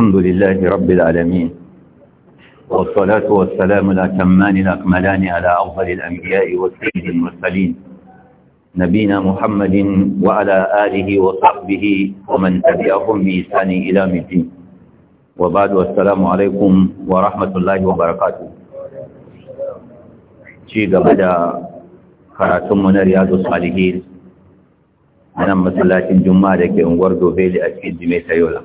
الحمد لله رب العالمين والصلاة والسلام الأتمان الأكملان على أفضل الأنبياء والسيد المرسلين نبينا محمد وعلى آله وصحبه ومن تبعهم بإحسان إلى الدين وبعد والسلام عليكم ورحمة الله وبركاته شيء بدأ karatunmu na riyadu salihin a nan masallacin juma'a da ke unguwar dobe da a cikin jimeta yola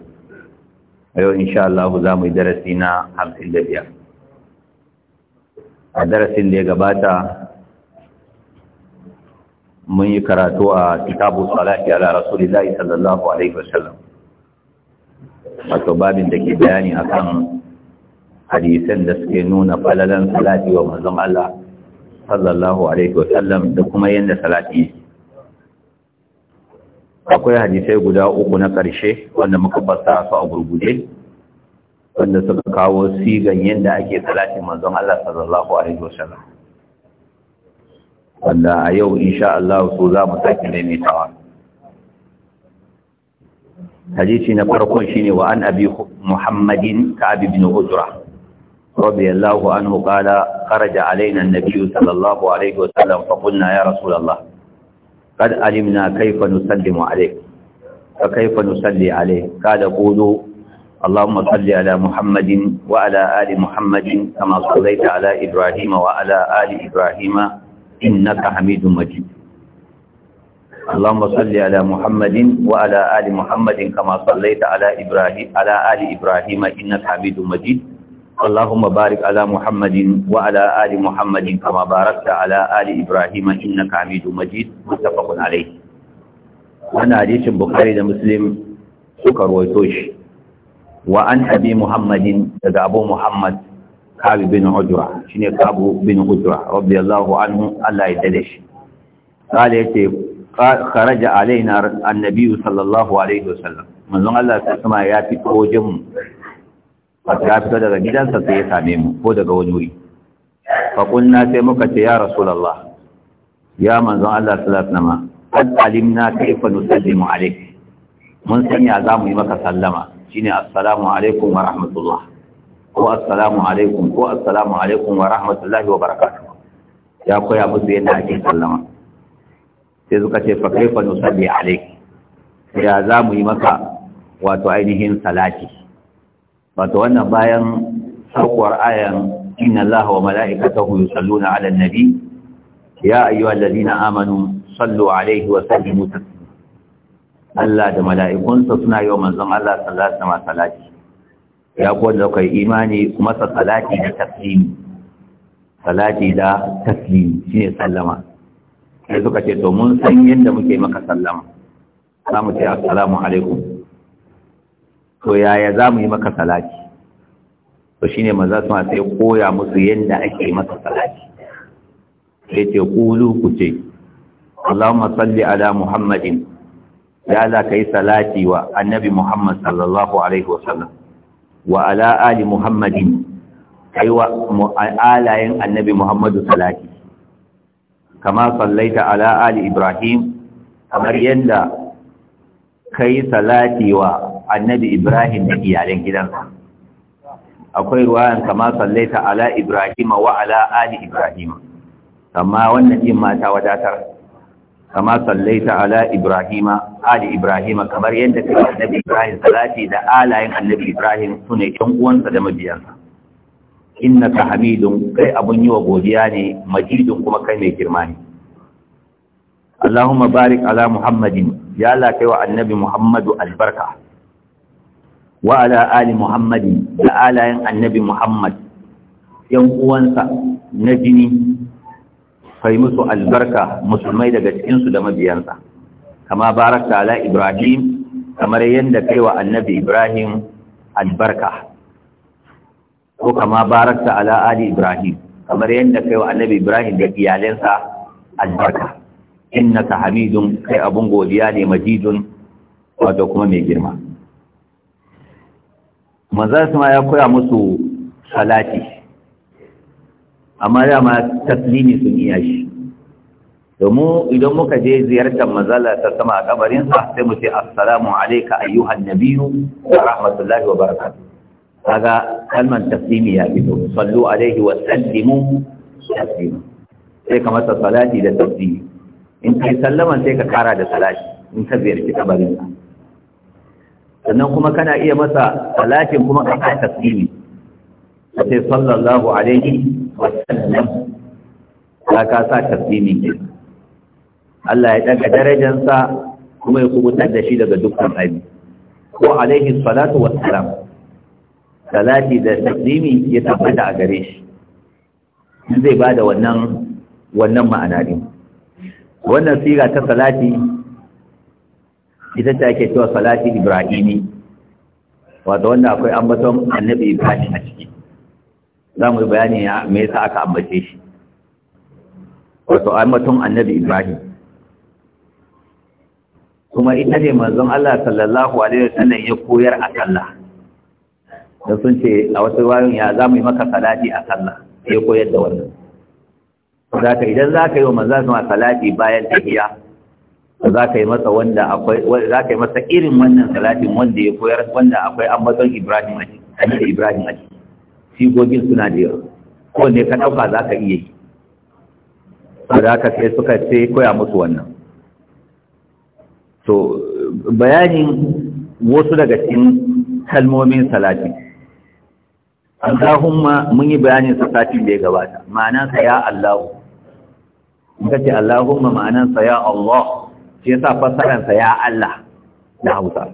a yau insha Allah za mu yi darasi na hamsin da biyar a darasin da ya gabata mun yi karatu a kitabu salafi ala la'i sallallahu alaihi wasallam wato babin da ke bayani akan hadisan da suke nuna falalan salati wa mazan Allah sallallahu alaihi wasallam da kuma yadda salati yake akwai hadisai guda uku na ƙarshe wanda muka fasa su a gurguje wanda suka kawo sigan yadda ake salatin manzon Allah sallallahu alaihi wasallam wanda a yau insha Allah su za mu sake maimaitawa hadisi na farkon shine wa an abi muhammadin ka'ab ibn ujra radiyallahu anhu qala kharaja alaina an-nabiy sallallahu alaihi wasallam fa qulna ya rasulullah قد علمنا كيف نسلم عليك فكيف نصلي عليه قال قولوا اللهم صل على محمد وعلى آل محمد كما صليت على إبراهيم وعلى آل إبراهيم إنك حميد مجيد اللهم صل على محمد وعلى آل محمد كما صليت على إبراهيم على آل إبراهيم إنك حميد مجيد اللهم بارك على محمد وعلى آل محمد كما باركت على آل إبراهيم إنك عميد مجيد متفق عليه وانا حديث البخاري ومسلم سكر ويتوش وعن أبي محمد تدع أبو محمد كعب بن عجرة شنو كعب بن عجرة رضي الله عنه الله يدلش قال يتي خرج علينا النبي صلى الله عليه وسلم من الله سبحانه يأتي وجمه wato ya fito daga gidansa sai ya same mu ko daga wani wuri Faƙunna sai muka ce ya rasulallah ya manzon Allah sallallahu alaihi wasallam qad alimna kayfa nusallimu alayk mun san ya mu yi maka sallama shine assalamu alaikum wa rahmatullah ko assalamu alaikum ko assalamu alaikum wa rahmatullahi wa barakatuh ya koya musu yadda ake sallama sai suka ce fa kayfa nusalli alayk ya mu yi maka wato ainihin salati wato wannan bayan saukar ayan inna allaha wa mala'ikatahu yusalluna 'alan nabi ya ayyuhallazina amanu sallu 'alaihi wa sallimu taslima Allah da mala'ikunsa suna yi wa manzon Allah sallallahu alaihi wasallam salati ya kuwa da kai imani kuma sa salati da taslimi salati da taslimi shine sallama sai suka ce to mun san yadda muke maka sallama za mu ce assalamu alaikum to yaya za mu yi maka salati to shine maza su sai koya musu yadda ake maka salati sai ce kulu ku ce Allahumma salli ala Muhammadin ya za ka yi salati wa annabi Muhammad sallallahu alaihi wasallam wa ala ali Muhammadin kai wa alayen annabi Muhammadu salati kama sallaita ala ali Ibrahim kamar yadda ka yi salati wa annabi Ibrahim da iyalan gidansa akwai ruwayan kama sallaita ala Ibrahim wa ala ali Ibrahim amma wannan din mata wadatar kama sallaita ala Ibrahim ali Ibrahim kamar yadda kai annabi Ibrahim salati da alayin annabi Ibrahim sune ɗan uwansa da mabiyansa innaka hamidun kai abun yi wa godiya ne majidun kuma kai mai girma ne Allahumma barik ala Muhammadin ya Allah kai wa annabi Muhammadu albarka wa ala ali muhammadin da alayen annabi muhammad yan uwansa na jini kai musu albarka musulmai daga cikinsu da mabiyansa kama baraka ala ibrahim kamar yadda kai wa annabi ibrahim albarka ko kama baraka ala ali ibrahim kamar yadda kai wa annabi ibrahim da iyalansa albarka innaka hamidun kai abun godiya ne majidun wato kuma mai girma manzan ma ya koya musu salati amma ma taslimi sun iya shi domin idan muka je ziyartar mazala ta sama a kabarinsa sai mu ce assalamu alaika ayyuhan nabiyyu wa rahmatullahi wa barakatuh kaga kalman taslimi ya fito sallu alaihi wa sallimu taslima sai ka masa salati da taslimi in kai sallama sai ka kara da salati in ka ziyarci kabarinsa sannan kuma kana iya masa salatin kuma ka sa A sai sallallahu alaihi wa sallam ka ka sa tasbih Allah ya daga darajarsa kuma ya kubutar da shi daga dukkan abi ko alaihi salatu wa salam salati da taslimi ya tabbata a gare shi zai bada wannan wannan ma'ana din wannan sira ta salati ita ce ake cewa salati ibrahimi wato wanda akwai ambaton annabi ibrahim a ciki za mu yi bayani me yasa aka ambace shi wato ambaton annabi ibrahim kuma ita ne manzon Allah sallallahu alaihi wasallam ya koyar a sallah dan sun ce a wasu wayoyin ya za mu yi maka salati a sallah ya koyar da wannan zaka idan zaka yi wa manzon Allah salati bayan tahiyya za ka yi masa wanda akwai za ka yi masa irin wannan salatin wanda ya koyar wanda akwai ambaton Ibrahim ake da Ibrahim aji sigogin suna da yau ko ne ka ɗauka za ka iya yi da ka sai suka ce koya musu wannan to bayanin wasu daga cikin kalmomin salati Allahumma mun yi bayanin Satin da ya gabata ma'anansa ya Allahu in ka ce Allahumma ma'anansa ya Allah shi yasa fasaransa ya Allah na Hausa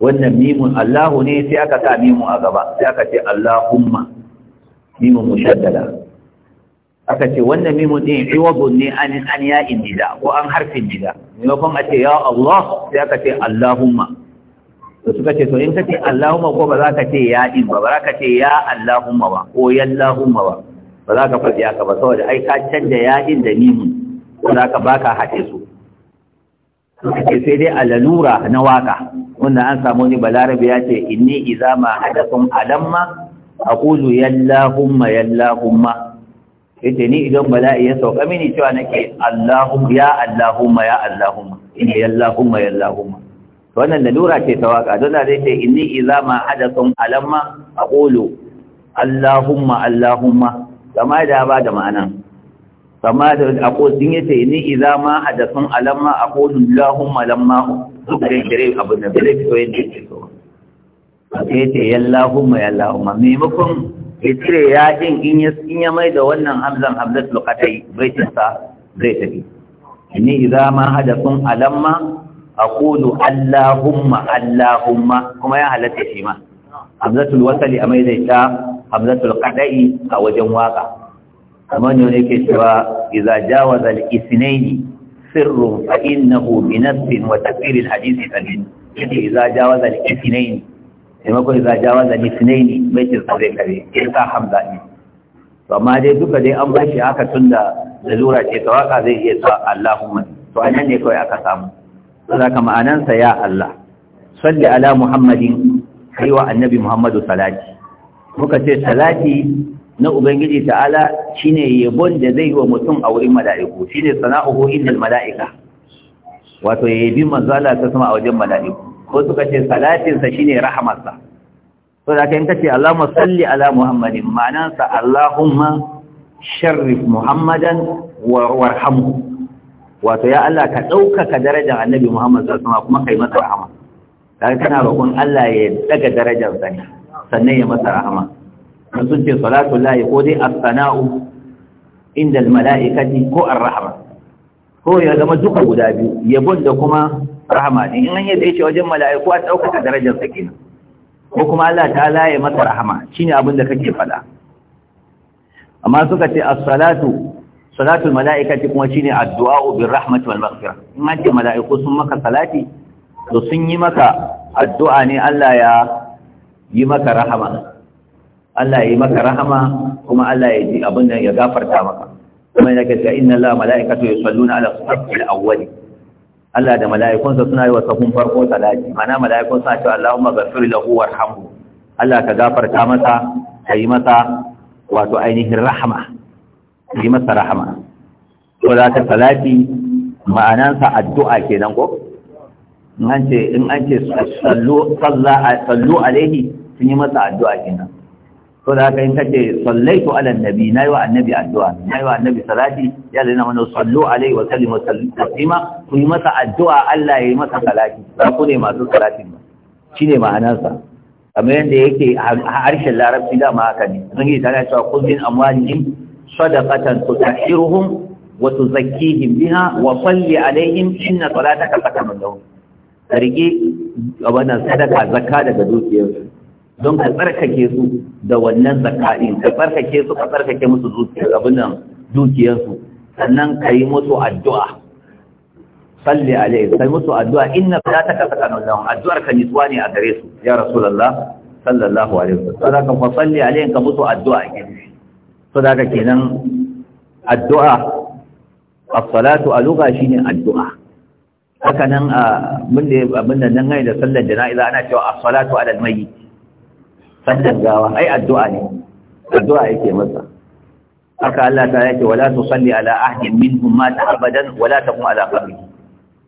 wannan mimun Allahu ne sai aka sa mimu a gaba sai aka ce Allahumma mimun mushaddada aka ce wannan mimun din iwadun ne an an ya indida ko an harfin nida maimakon a ce ya Allah sai aka ce Allahumma to suka ce to in ka ce Allahumma ko ba za ka ce ya din ba ba za ka ce ya Allahumma ba ko ya Allahumma ba ba za ka faɗi haka ba saboda ai ka canja ya din da mimun ko za ka baka haɗe su suke sai dai a lalura na waka wanda an samu ni balarabe ya ce inni iza ma hadathun alamma a aqulu yallahumma yallahumma yace ni idan bala'i ya sauka mini cewa nake allahum ya allahumma ya allahumma inni yallahumma yallahumma to wannan lalura ce ta waka don zai ce inni iza ma hadathun alamma a aqulu allahumma allahumma kama da ba da ma'ana kama da ako din yace ni idza ma hadathun alamma aqulu allahumma lamma suka kire abin da bai fito yin dake so yace yallahumma yallahumma maimakon ya cire ya din in ya in ya mai da wannan hamzan hamzatul qatai baitin sa zai tafi ni idza ma hadathun alamma aqulu allahumma allahumma kuma ya halatta shi ma hamzatul wasali amai zai ta hamzatul qada'i a wajen waka kamar ne ke cewa iza jawa zal isnaini sirrun fa innahu bi nasbin wa tafsir al-hadith sabil yake jawa zal isnaini sai maimakon iza jawa zal isnaini bai ce sai kare ita hamza ne to amma dai duka dai an bashi aka tunda da zura ce ta waka zai iya sa Allahumma to anan ne kawai aka samu saboda ma'anansa ya Allah salli ala Muhammadin kai wa annabi Muhammadu salati muka ce salati na ubangiji ta'ala shi ne yabon da zai yi wa mutum a wurin mala'iku shine sana'uhu indal mala'ika wato ya yabi manzo Allah ta sama a wajen mala'iku ko suka ce salatin shi ne rahamarsa to da kan kace Allahumma salli ala Muhammadin ma'anan sa Allahumma sharrif Muhammadan wa warhamhu wato ya Allah ka ɗaukaka darajar Annabi Muhammad sallallahu alaihi wasallam kuma kai masa rahama kaga kana roƙon Allah ya daga darajar sa sannan ya masa rahama an ce salatu lahi ko dai as inda al-mala'ikati ko ar-rahma ko ya zama duka guda biyu yabon da kuma rahama din in an yadda yake wajen mala'iku a ɗaukaka darajar sa kenan ko kuma Allah ta'ala ya masa rahama shine abin da kake faɗa amma suka ce as-salatu salatul mala'ikati kuma shine addu'a'u bir rahmati wal maghfirah in an ce mala'iku sun maka salati to sun yi maka addu'a ne Allah ya yi maka rahama Allah ya yi maka rahama kuma Allah ya ji abin da ya gafarta maka kuma yana gaskiya inna Allah mala'ikatu yusalluna ala safil awwali Allah da mala'ikunsa suna yi wa safin farko salati mana mala'ikun suna cewa Allahumma ghafir lahu warhamhu Allah ka gafarta masa ka yi masa wato ainihin rahama yi masa rahama to za ta salati ma'anansa addu'a kenan ko in an ce in an ce sallu sallu alaihi sun yi masa addu'a kenan to da haka in kace sallaitu ala annabi nayi wa annabi addu'a nayi wa annabi salati ya lana mana sallu alaihi wa sallimu taslima ku yi masa addu'a Allah ya yi masa salati ba ku ne masu salatin ba shine ma'anarsa kamar yadda yake harshen larabci dama haka ne sun yi tana cewa kullin amwalihim sadaqatan tutahhiruhum wa tuzakkihim biha wa salli alaihim inna salataka sakanun lahum rike wannan sadaka zakka daga dukiyarsu don ka tsarkake su da wannan zaka'in ka tsarkake su ka tsarkake musu zuciya abin nan dukiyarsu sannan ka yi musu addu'a salli alaihi kai musu addu'a inna la takasaka lahum addu'ar ka nitsuwa ne a gare su ya rasulullah sallallahu alaihi wasallam ka fa salli alaihi ka musu addu'a ke kenan sadaka kenan addu'a as-salatu shi shine addu'a haka nan abin da abin da nan da sallar jana'iza ana cewa as-salatu alal mayyit sallar gawa ai addu'a ne addu'a yake masa haka Allah ta yake wala tusalli ala ahdin minhum ta abadan wala taqum ala qabri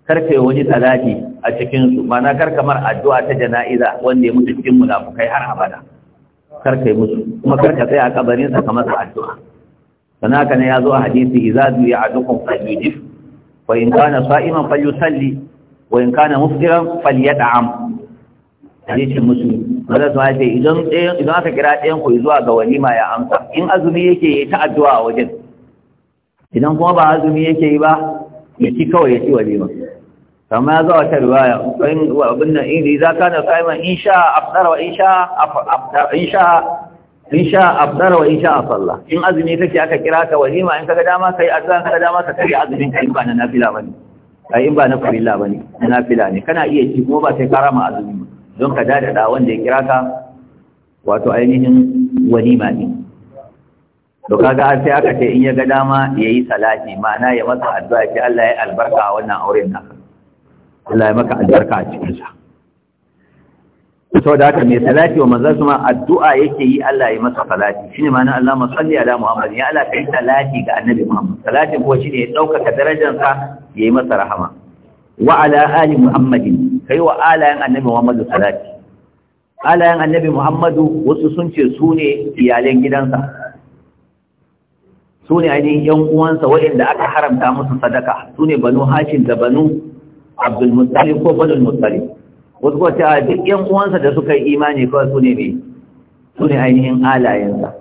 karkai wani talati a cikin su mana kar kamar addu'a ta jana'iza wanda ya mutu cikin munafukai har abada karkai musu kuma karka tsaya a kabarin sa kamar addu'a sana haka ne ya zo a hadisi idza du'a adukum falyudif wa in kana sa'iman fayyusalli, wa in kana muftiran falyat'am hadisin muslim wanda su ce idan idan aka kira ɗayan ku zuwa ga walima ya amsa in azumi yake yi ta addu'a a wajen idan kuma ba azumi yake yi ba ya ci kawai ya ci walima kama ya zawa ta riwaya in abin nan in riza kana sa'iman in sha afdara wa in sha in sha in sha afdara wa in sha asalla in azumi kake aka kira ka walima in kaga dama kai azan kaga dama ka kai azumin kai ba na nafila bane kai in ba na farilla bane na nafila ne kana iya ci kuma ba sai karama azumi don ka dadada wanda ya kira ka wato ainihin walima ne to kaga sai aka ce in ya ga dama ya yi salati ma'ana ya masa addu'a ce Allah ya albarka a wannan auren naka Allah ya maka albarka a cikin sa saboda haka mai salati wa manzon su ma addu'a yake yi Allah ya masa salati shine ma'ana Allah ma salli ala Muhammad ya Allah kai salati ga Annabi Muhammad salatin ko shine ya dauka darajar sa yi masa rahama wa ala ali Muhammadin kai wa alayen annabi muhammadu salati alayen annabi muhammadu wasu sun ce su ne iyalen gidansa su ne ainihin yan uwansa waɗanda aka haramta musu sadaka su ne banu hashin da banu abdulmuttalib ko banu muttalib wasu kuwa cewa duk yan uwansa da suka yi imani kawai su ne ne su ne ainihin alayensa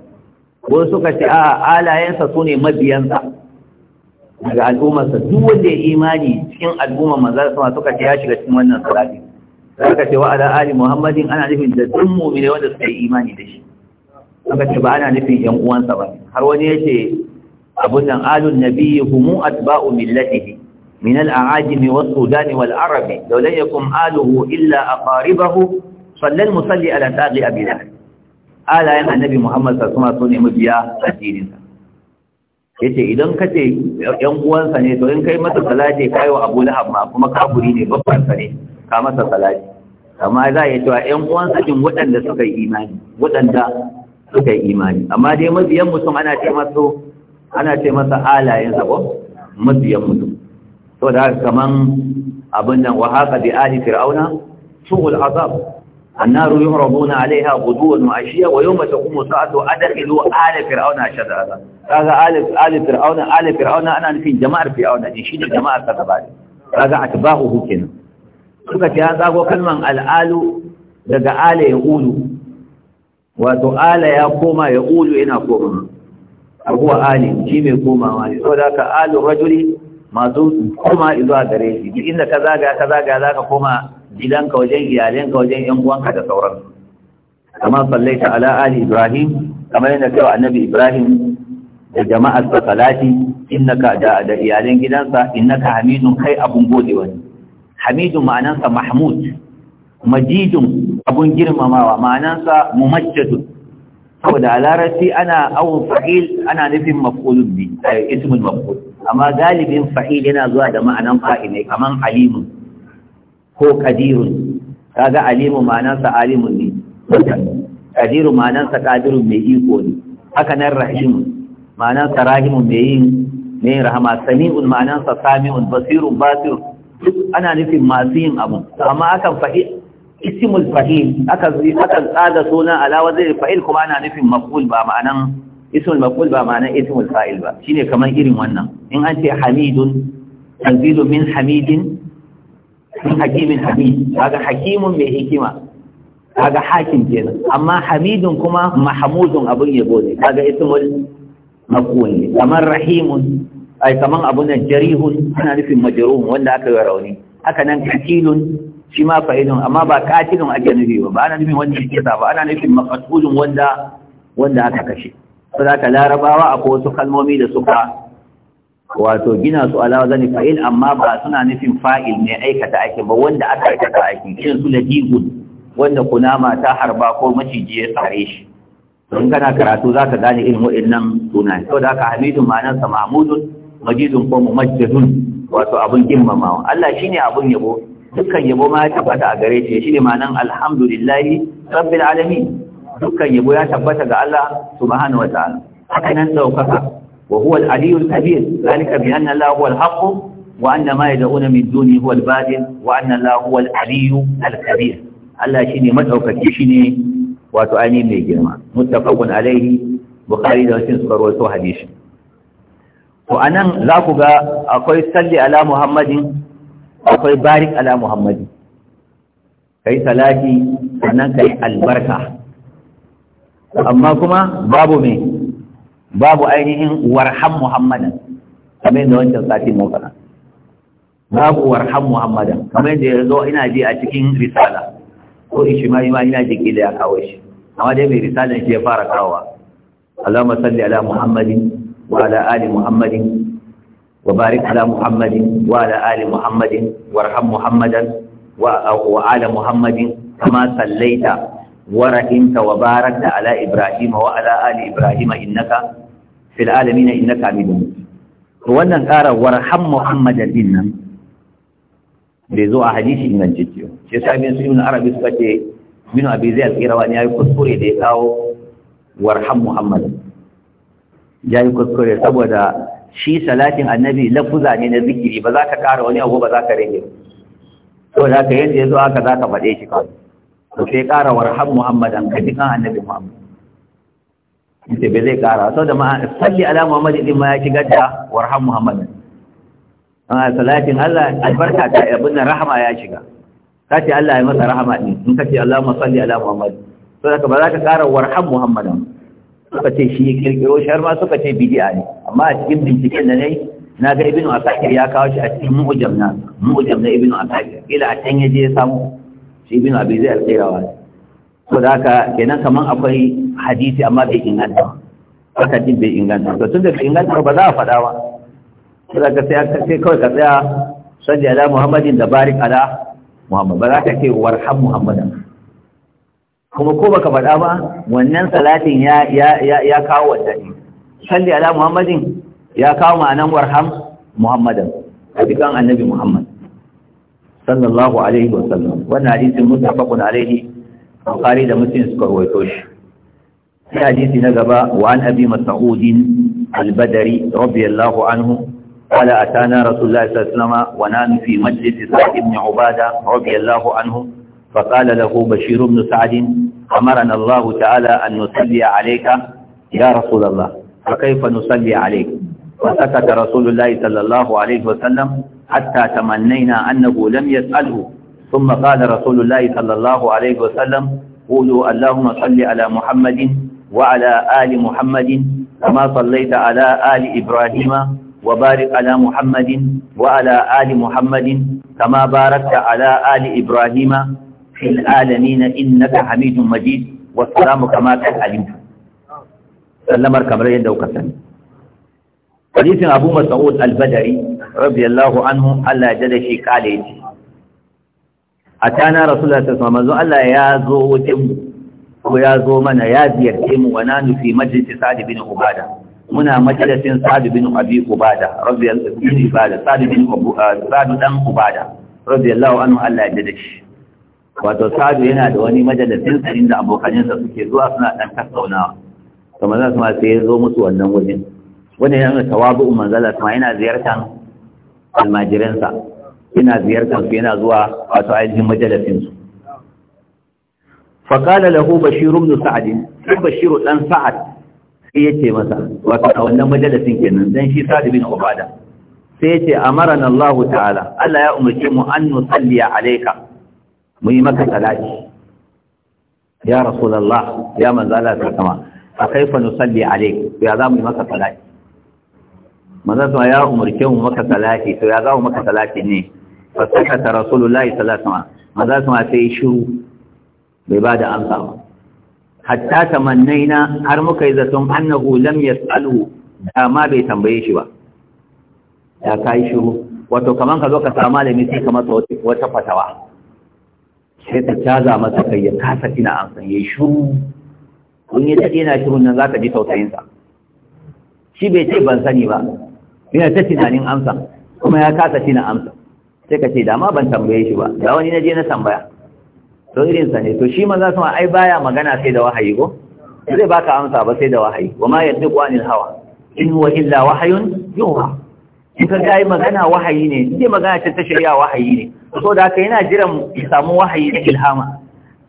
wasu suka ce a alayensa su ne mabiyansa daga al'ummarsa duk wanda ya imani cikin al'ummar manzara sama suka ce ya shiga cikin wannan salati suka ce wa ala ali muhammadin ana nufin da duk mu'mini wanda suka yi imani da shi suka ce ba ana nufin yan uwansa ba har wani ya ce abun nan alun nabiyyi humu atba'u millatihi min al-a'ajimi was-sudan wal-arabi law lam yakun aluhu illa aqaribahu sallal musalli ala taqi abi lahab alayan annabi muhammad sallallahu alaihi wasallam ne mabiya addininsa yace idan ka ce yan uwansa ne to in kai masa salati kai wa Abu Lahab ma kuma kafiri ne babban sare ne ka masa salati amma za ya cewa yan uwansa din waɗanda suka yi imani waɗanda suka yi imani amma dai mabiyan mutum ana ce masa ana ce masa alayen sabo mabiyan mutum saboda haka kaman abin nan wa haka bi ali fir'auna su'ul azab Ana ruyomar rubuna aleha, ubuwan ma'ashiyar wayo mace kuma wasu atar ilo Fir'auna a shan asa. Ali Fir'auna ana nufin jama'ar Fir'auna, in shi ne jama'ar Sannaba'a. Za ka atubahu kuke nan. Kuka ce hanzar ko daga Ali ya koma, wato Ali ya koma ya ina koma, kar Ali in fi mai komawa. Ina so daka Ali al'ummar joli, masu ma'aikata a gare shi, jirgin da ka zagaya za koma. gidanka wajen iyalinka wajen yan uwanka da sauran. kama sallaita ala ali ibrahim kamar yadda kai annabi ibrahim da jama'ar sa salati innaka da da iyalan gidansa innaka hamidun kai abun wani. hamidun ma'anansa mahmud majidun abun girmamawa ma'anansa mumajjadun saboda a larabci ana awon fa'il ana nufin maf'ulun bi a ismin maf'ul amma galibin fa'il yana zuwa da ma'anan fa'il ne kaman alimun ko qadirun kaga alimu manansa alimun ne qadiru ma'anansa qadirun mai iko ne haka nan rahimun manansa rahimun mai yin mai rahama sami'un ma'anansa sami'un basirun basir duk ana nufin masu yin abu amma akan faɗi isimul fahim, akan akan tsada suna alawa zai fa'il kuma ana nufin maf'ul ba ma'anan Isimul maf'ul ba ma'anan isimul fa'il ba shine kamar irin wannan in an ce hamidun tanzilu min hamidin min hakimin hamid kaga hakimun mai hikima kaga hakim kenan amma hamidun kuma mahmudun abun yabo ne kaga ismul maqul ne kamar rahimun ai kaman abun nan jarihun ana nufin majruhun wanda aka yi rauni haka nan katilun shi ma fa'ilun amma ba katilun ake nufi ba ba ana nufin wanda yake sa ba ana nufin maqtulun wanda wanda aka kashe saboda larabawa akwai wasu kalmomi da suka wato gina su ala zani fa'il amma ba suna nufin fa'il mai aikata aikin ba wanda aka aikata aikin irin su ladigun wanda kunama ta harba ko maciji ya tsare shi don kana karatu za ka gane irin nan suna sau da haka hamidun ma'anarsa mahmudun majidun ko mumajjadun wato abun girmamawa Allah shi ne abin yabo dukkan yabo ma ya tabbata a gare shi shine ma'anar alhamdulillahi rabbil alamin dukkan yabo ya tabbata ga Allah subhanahu wataala haka nan ɗaukaka. وهو العلي الكبير ذلك بأن الله هو الحق وأن ما يدعون من دونه هو الباطل وأن الله هو العلي الكبير الله شيني مدعوك شيني وتعاني من الجرمى متفق عليه بخاري ده سن سكروا حديث وأنا ذاك أقول صلي على محمد أقول بارك على محمد kai salati sannan kai albarka amma kuma babu me babu ainihin warham muhammadan kamar yadda wancan sati mu kana babu warham muhammadan kamar yadda ya zo ina ji a cikin risala ko ishimai ma ina ji kila ya kawo shi amma dai mai risalan shi ya fara kawowa Allahumma salli ala muhammadin wa ala ali muhammadin wa barik ala muhammadin wa ala ali muhammadin warham muhammadan wa wa ala muhammadin kama sallaita ورحمت وباركت على إبراهيم وعلى آل إبراهيم إنك fil alamin innaka hamidun majid to wannan ƙara warham muhammadan din nan bai zo a hadisi sai shi yasa ibn sulaiman arabi suka ce bin abi zai alƙirawa ne yayi kuskure da ya kawo warham muhammadan yayi kuskure saboda shi salatin annabi lafuza ne na zikiri ba za ka ƙara wani abu ba za ka rage to da ka yadda ya zo aka za ka faɗe shi kawai to sai ƙara warham muhammadan ka ji kan annabi muhammad yace bai zai kara sau da ma'a salli ala muhammad din ma ya shigar da warham muhammad a salatin Allah albarka ta abin nan rahama ya shiga Ta ce Allah ya masa rahama din in kace Allahumma salli ala muhammad to da ba za ka kara warham muhammad suka ce shi kirkiro shar ma suka ce bid'a ne amma a cikin binciken da nayi na ga ibnu asakir ya kawo shi a cikin mu'jam na mu'jam na ibnu asakir ila a can ya je ya samu shi ibnu abi zai alqirawa ko da haka kenan kaman akwai hadisi amma bai inganta haka jin bai inganta to da bai inganta ba za a faɗa ba ko da sai sai kawai ka tsaya salli ala muhammadin da barik ala muhammad ba za ka ce warham muhammadan kuma ko baka faɗa ba wannan salatin ya ya ya kawo wannan salli ala muhammadin ya kawo ma'anan warham muhammadan a cikin annabi muhammad sallallahu alaihi wa sallam. wannan hadisin mutafaqun alaihi bukari da muslim suka rawaito shi sai hadisi na gaba wa an mas'udin albadari radiyallahu anhu qala atana rasulullahi sallallahu alaihi wasallam wa fi majlis sa'd ibn ubada radiyallahu anhu fa qala lahu bashir ibn sa'd amarna allah ta'ala an nusalli alayka ya rasulullah fa kayfa nusalli alayk فسكت رسول الله صلى الله عليه وسلم حتى تمنينا أنه لم ثم قال رسول الله صلى الله عليه وسلم قولوا اللهم صل على محمد وعلى آل محمد كما صليت على آل إبراهيم وبارك على محمد وعلى آل محمد كما باركت على آل إبراهيم في العالمين إنك حميد مجيد والسلام كما تعلمت سلم الكمرين دو كسن حديث أبو مسعود البدري رضي الله عنه ألا جل شيء قال atana rasulullahi sallallahu alaihi wasallam Allah ya zo wajen mu ko ya zo mana ya ziyarce mu wa nanu fi majlisi sa'd bin ubada muna majalisin sa'd bin abi ubada radiyallahu anhu ibada sa'd bin uh, sa'd dan ubada radiyallahu anhu Allah ya dade shi wato sa'd yana da wani majalisin sa inda abokanansa suke zuwa suna dan tattaunawa to manzo kuma sai ya zo musu wannan wajen wannan yana tawabu manzo Allah kuma yana ziyartan almajiransa Ina ziyartar su yana zuwa wato ainihin majalisin su faqala lahu bashiru ibn sa'd sai bashiru ɗan sa'ad sai ce masa wasu a wannan majalisin kenan don shi sa'd bin ubada sai ce yace na Allah ta'ala Allah ya umarci mu an nusalli alayka mu yi maka salati ya rasulullah ya manzo Allah ta kama fa kaifa nusalli alayka ya za mu yi maka salati manzo ya umarci mu maka salati to ya za mu maka salati ne fa ta rasulullahi sallallahu alaihi wasallam maza su sai shiru bai ba da amsa ba hatta tamannaina har muka yi zaton annahu lam yas'alu amma bai tambaye shi ba ya kai shiru wato kaman ka zo ka samu malami sai ka masa wata fatawa sai ta caza masa kai ya kasa ina amsan yi shiru kun yi daɗe na shirun nan za ji ji sa. shi bai ce ban sani ba yana ta tunanin amsa kuma ya kasa tina amsa sai ka ce da ma ban tambaye shi ba da wani na je na tambaya to irin sa ne to shi manzo sama ai baya magana sai da wahayi ko zai baka amsa ba sai da wahayi wa ma yaddiqu anil hawa in huwa illa wahyun yuha in ka ga magana wahayi ne sai magana ce ta shari'a wahayi ne so da haka yana jiran ya samu wahayi da ilhama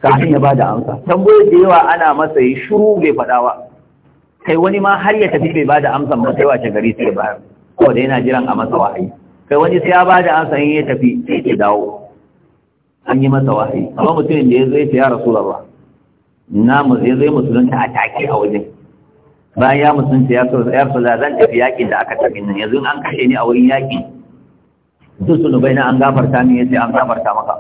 kafin ya bada amsa tambaye da yawa ana masa yi shiru bai fada ba kai wani ma har ya tafi bai bada amsa ba sai wace gari sai ba ko da yana jiran a masa wahayi kai wani sai ya ba da ansa in ya tafi sai ke dawo an yi masa wahayi amma mutumin da ya zai ya ce ya na mu ya zai musulunta a take a wajen bayan ya musulunta ya so ya so zan tafi yakin da aka tafi nan yanzu an kashe ni a wurin yakin duk bai na an gafarta min yace an gafarta maka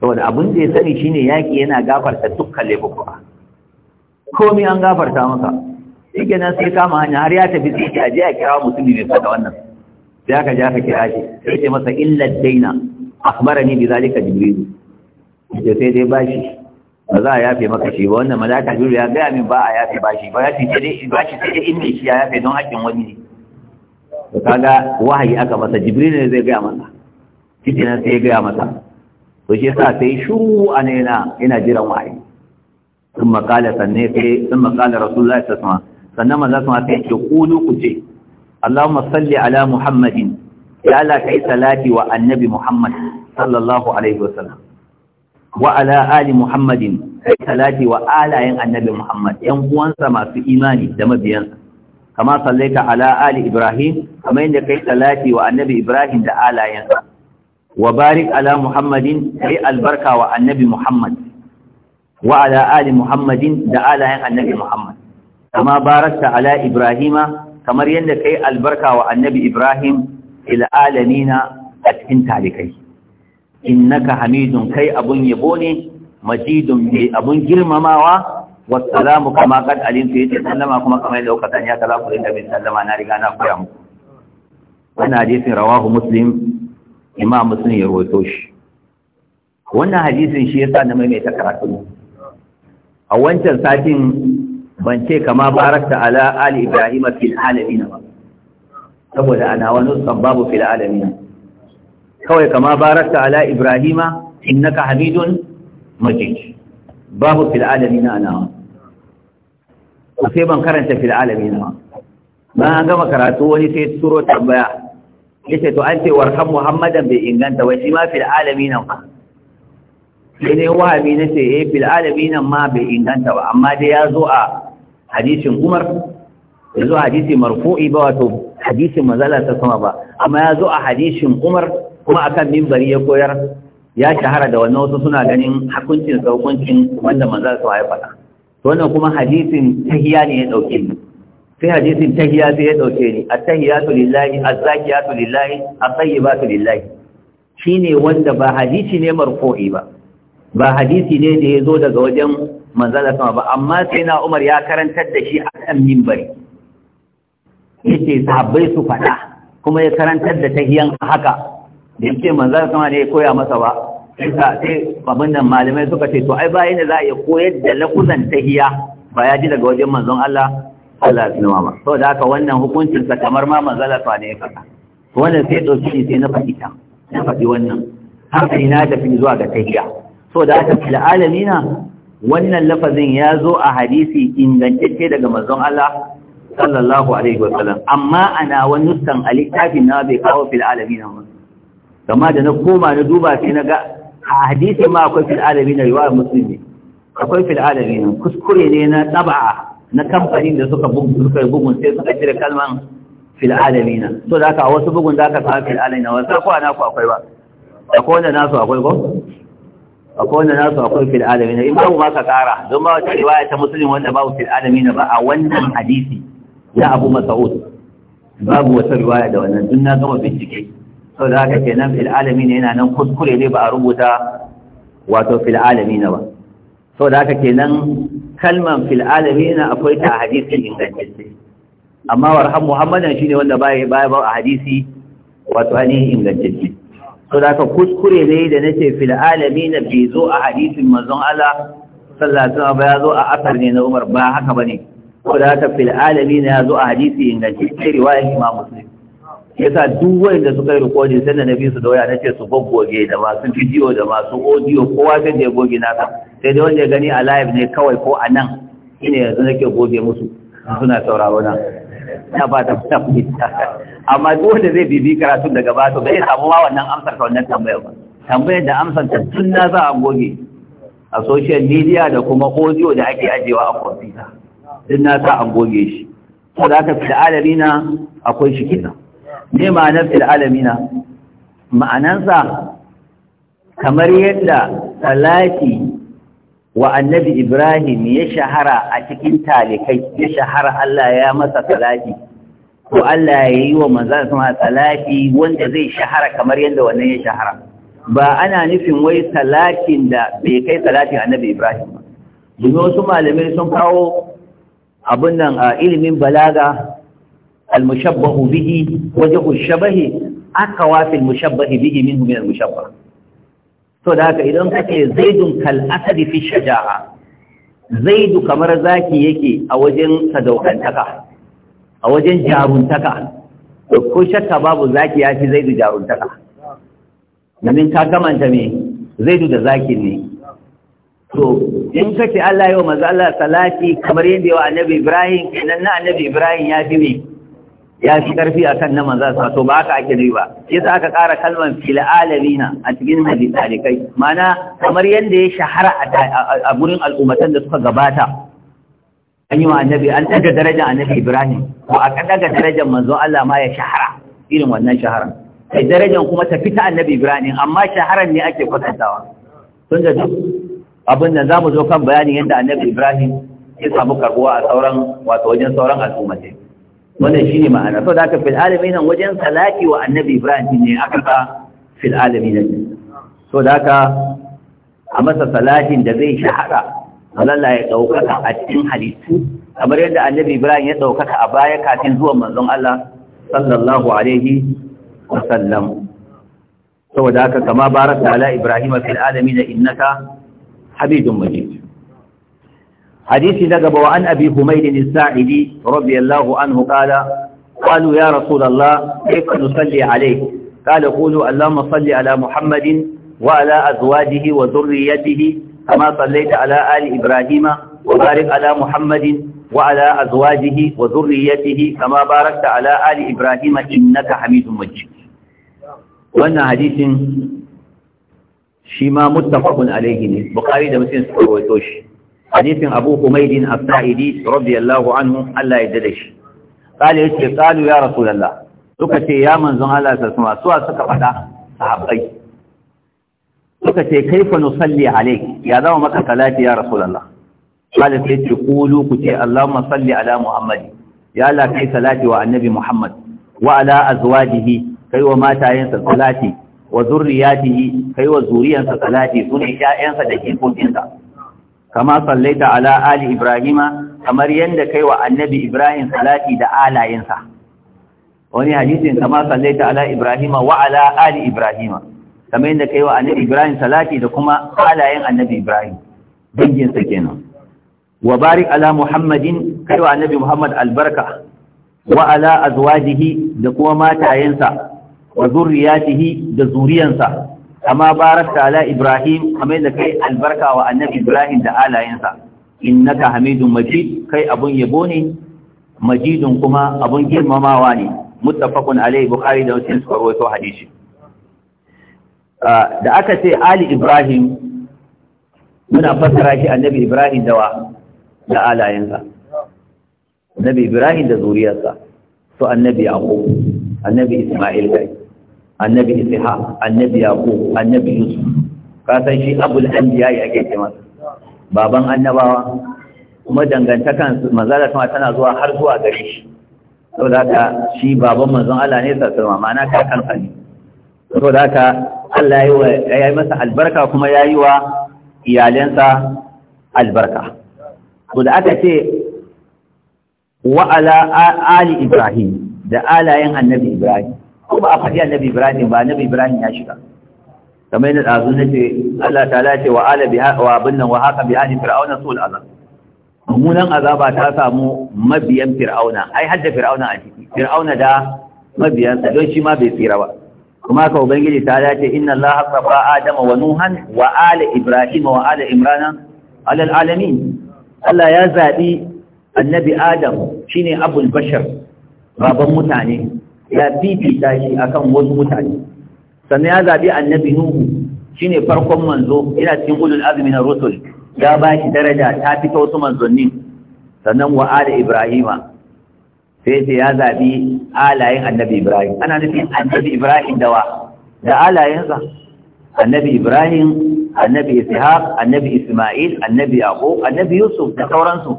saboda abin da ya sani shine yaki yana gafarta dukkan laifuka komai an gafarta maka shikenan sai kama hanya har ya tafi sai a je a kira musulmi ne fa da wannan sai aka ja ka kira shi sai ce masa illa daina ni bi zalika jibril ce sai dai bashi ba za a yafe maka shi ba wannan malaka jibril ya ga min ba a yafe bashi ba ya ce dai bashi sai dai inda shi ya yafe don hakkin wani ne to kaga wahayi aka masa jibril ne zai ga masa kiti nan sai ya ga masa to shi yasa sai shuru anena ina jiran wahayi ثم قال سنه ثم قال رسول الله صلى الله عليه وسلم sannan manzo sun haka yake ku ce Allahumma salli ala Muhammadin ya Allah kai salati wa annabi Muhammad sallallahu alaihi wasallam wa ala Muhammadin kai salati wa annabi Muhammad yan uwansa masu imani da mabiyansa kama sallaita ala ali Ibrahim kamar yadda kai salati wa annabi Ibrahim da alayensa wa barik ala Muhammadin kai albarka wa annabi Muhammad wa ala Muhammadin da alayen annabi Muhammad kama ala Ibrahima kamar yadda kai albarka wa annabi Ibrahim ila alamina a cikin talikai innaka hamidun kai abun yabo ne majidun ne. abun girmamawa wassalamu kama kad alimtu yace sallama kuma kamar yadda kuka sani haka za ku bin sallama na riga na koya muku wannan hadisin rawahu muslim imam muslim ya rawaito shi wannan hadisin shi yasa na maimaita karatu a wancan satin ban ce kama barakta ala ali ibrahim fil alamin ba saboda ana wani sababu fil alamin kawai kama barakta ala ibrahim innaka hamidun majid babu fil alamin ana sai ban karanta fil alamin ba Ban an gama karatu wani sai turo tambaya yace to an ce warhan muhammadan bai inganta wai shi ma fil alamin ba sai ne wahami nace eh fil alamin ma bai inganta ba amma dai ya zo a hadisin umar ya zo a hadisi marfu'i ba wato hadisin mazala ta sama ba amma ya zo a hadisin umar kuma akan mimbari ya koyar ya shahara da wannan wasu suna ganin hakuncin da hukuncin wanda manzala ta ya faɗa wannan kuma hadisin tahiya ne ya dauke ni sai hadisin tahiya sai ya dauke ni at-tahiyatu lillahi az-zakiyatu lillahi at-tayyibatu lillahi shine wanda ba hadisi ne marfu'i ba ba hadisi ne da ya zo daga wajen manzala sama ba amma sai na umar ya karantar da shi a kan mimbari yake sahabbai su faɗa kuma ya karantar da tahiyan haka da yake manzala sama ne ya koya masa ba sai abin nan malamai suka ce to ai bayan da za a iya koyar da lakuzan tahiya ba ya ji daga wajen manzon Allah Allah ya nuna ma saboda haka wannan hukuncin sa kamar ma manzala sama ne ya faɗa wannan sai dauki sai na faɗi ta na faɗi wannan sai na tafi zuwa ga tahiya saboda haka fil alamina wannan lafazin ya zo a hadisi ingantacce daga manzon Allah sallallahu alaihi wasallam amma ana wani nuskan a littafin na bai kawo fil alamin ba Gama da na koma na duba sai na ga a hadisi ma akwai fil alamin riwayar muslim ne akwai fil alamin kuskure ne na tsaba na kamfanin da suka bugun sai suka cire kalman fil alamina so da haka wasu bugun da aka samu fil alamina wasu akwai na ku akwai ba akwai wanda nasu akwai ko akwai wanda nasu akwai fil alamin in babu ma ka kara don ba wata riwaya ta musulmi wanda babu fil alamin ba a wannan hadisi ya abu mas'ud babu wata riwaya da wannan duk na gama bincike saboda haka kenan fil alamin yana nan kuskure ne ba a rubuta wato fil alamin ba saboda haka kenan kalman fil alamin akwai ta hadisi ingantacce amma warham muhammadan shine wanda baya baya ba a hadisi wato ainihin ingantacce to da ka kuskure ne da nace fil alamin bai zo a hadisin manzon Allah sallallahu alaihi ya zo a asar ne na Umar ba haka bane ko da ta fil alamin ya zo a hadisi ingantacce riwayar Imam Muslim yasa duk wanda suka yi rikodin sai da nabi su da waya nace su goggoge da masu bidiyo da masu audio kowa sai da ya goge naka sai dai wanda ya gani a live ne kawai ko a nan shine yanzu nake goge musu suna sauraro na na ba ta fahimta amma duk wanda zai bibi karatu daga ba to bai samu ma wannan amsar ta wannan tambayar ba tambayar da amsar ta tun na za a goge a social media da kuma audio da ake ajewa a computer tun na sa an goge shi ko da ka fita alamina akwai shi kenan me ma'anar fil alamina ma'anansa kamar yadda salati wa annabi ibrahim ya shahara a cikin talikai ya shahara Allah ya masa salati ko Allah ya yi wa manzan sama salati wanda zai shahara kamar yadda wannan ya shahara ba ana nufin wai salatin da bai kai salatin annabi ibrahim ba domin wasu malamai sun kawo abin nan a ilimin balaga al-mushabbahu bihi wajhu shabahi aka wafi al bihi minhu min al to da haka idan kace zaidun kal asadi fi shaja'a zaidu kamar zaki yake a wajen sadaukantaka a wajen jaruntaka ko shakka babu zaki ya fi zaidu jaruntaka domin ka gamanta me zaidu da zaki ne to in kace Allah wa manzo Allah salati kamar yadda yawa annabi Ibrahim kenan na annabi Ibrahim ya fi me ya fi karfi akan na manzo su to ba haka ake nufi ba yasa aka ƙara kalmar fil alamina a cikin hadisi kai mana kamar yadda ya shahara a gurin al'ummatan da suka gabata an yi wa annabi an daga darajar annabi Ibrahim ko aka daga darajar manzo Allah ma ya shahara irin wannan shahara sai darajar kuma ta fita annabi Ibrahim amma shaharar ne ake kwatantawa tun da abin da zamu zo kan bayanin yadda annabi Ibrahim ya samu karbuwa a sauran wato wajen sauran al'ummatai wannan ne ma'ana saboda haka fil alamin nan wajen salaki wa annabi ibrahim ne aka ka fil alamin nan da aka a masa salakin da zai shahara Allah ya ɗaukaka a cikin halittu kamar yadda annabi ibrahim ya ɗaukaka a baya kafin zuwan manzon Allah sallallahu alaihi wa sallam da aka kama Barasa ala ibrahim fil alamin innaka hamidun majid hadisi na gaba wa an abi humaydin as-sa'idi radiyallahu anhu qala qalu ya rasul allah kayfa nusalli alayk qala qulu allahumma salli ala muhammadin wa ala azwajihi wa dhurriyyatihi kama sallaita ala ali ibrahima wa barik ala muhammadin وعلى أزواجه وذريته كما باركت على آل إبراهيم إنك حميد مجيد وأن حديث شما متفق عليه بخاري ده مسلم سكروتوش hadisin abu humaydin as-sa'idi radiyallahu anhu Allah ya shi kale yace qalu ya rasulullah suka ce ya manzon Allah sallallahu alaihi wasallam suka fada sahabbai suka ce kaifa nusalli alayk ya zama maka salati ya rasulullah kale sai ce qulu ku ce allahumma salli ala muhammad ya Allah kai salati wa annabi muhammad wa ala azwajihi kai wa matayensa salati wa zurriyatihi kai wa salati ya'yansa da jikokinsa kama sallaita ala ali ibrahima kamar yanda kai wa annabi ibrahim salati da alayensa wani hadisin kama sallaita ala ibrahima wa ala ali ibrahima kama yanda kai wa annabi ibrahim salati da kuma alayen annabi ibrahim danginsa kenan wa barik ala muhammadin kai wa annabi muhammad albarka wa ala azwajihi da kuma matayensa wa zurriyatihi da zuriyansa kama barakta ala ibrahim kamar da kai albarka wa annabi ibrahim da alayensa innaka hamidun majid kai abun yabo ne majidun kuma abun girmamawa ne muttafaqun alayhi bukhari da muslim suka rawaito hadisi da aka ce ali ibrahim muna fassara shi annabi ibrahim wa da alayensa annabi ibrahim da zuriyarsa to annabi yaqub annabi isma'il kai annabi isha annabi yaqub annabi yusuf ka san shi abul anbiya ya ake ce baban annabawa kuma dangantakan manzala tana zuwa har zuwa gare shi saboda haka shi baban manzon Allah ne sallallahu alaihi wasallam ma'ana kakansa ne saboda haka Allah ya yi masa albarka kuma ya yi wa iyalansa albarka to da aka ce wa ala ali ibrahim da alayen annabi ibrahim Kuma a faɗi annabi ibrahim ba annabi ibrahim ya shiga kamar yadda ɗazu na ce allah ta lace wa ala wa abin nan wa haka bi hali fir'auna sul azab mummunan azaba ta samu mabiyan fir'auna ai hadda fir'auna a ciki fir'auna da mabiyansa don shi ma bai tsira ba kuma ka ubangiji ta dace inna allaha safa adama wa nuhan wa ala ibrahim wa ala imrana alal alamin Allah ya zaɓi annabi Adam shine abul bashar baban mutane ya fifita shi akan wasu mutane sannan ya zabi annabi nuhu shine farkon manzo ina cikin ulul azmi na rusul ya ba shi daraja ta fi wasu manzanni sannan wa ala ibrahima sai sai ya zabi alayen annabi ibrahim ana nufin annabi ibrahim da wa da alayensa annabi ibrahim annabi ishaq annabi isma'il annabi yaqub annabi yusuf da sauransu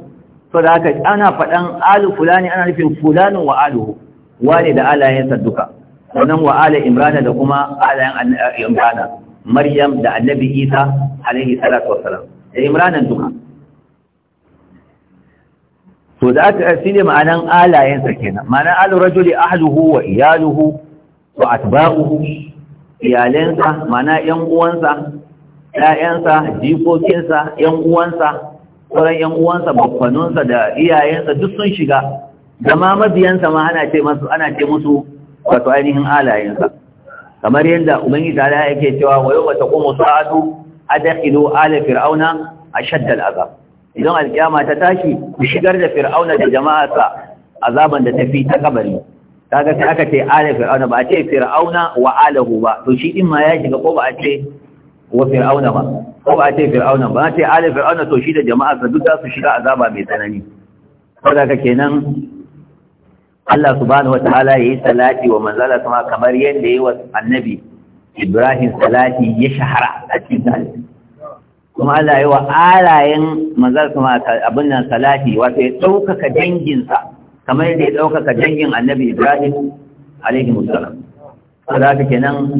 to da haka ana faɗan alu fulani ana nufin fulanun wa aluhu wane da alayensa duka sannan wa ala imrana da kuma alayen eh, imrana maryam da annabi isa alaihi salatu wassalam da imranan duka to da aka eh, ne ma'anan alayensa kenan ma'anan alu rajuli ahluhu wa iyaluhu wa atba'uhu iyalensa ma'ana yan uwansa ƴaƴansa jikokinsa yan uwansa sauran yan uwansa bakwanunsa da iyayensa duk sun shiga Zama mabiyansa ma ana ce masu ana ce musu wato ainihin alayensa kamar yadda ubangi ta Allah yake cewa wa wata kuma sa'atu adkhilu ala fir'auna ashadd al'azab idan alkiyama ta tashi ku shigar da fir'auna da jama'arsa azaban da tafi ta kabari kaga sai aka ce ala fir'auna ba a ce fir'auna wa alahu ba to shi din ma ya shiga ko ba a ce wa fir'auna ba ko ba a ce fir'auna ba a ce ala fir'auna to shi da jama'arsa duk za su shiga azaba mai tsanani ka kenan Allah subhanahu wataala yi salati wa manzala kuma kamar yadda yi wa annabi Ibrahim salati ya shahara a cikin salati kuma Allah yi wa alayen manzala kuma abin nan salati wato ya daukaka danginsa kamar yadda ya daukaka dangin annabi Ibrahim alaihi wasallam Salati kenan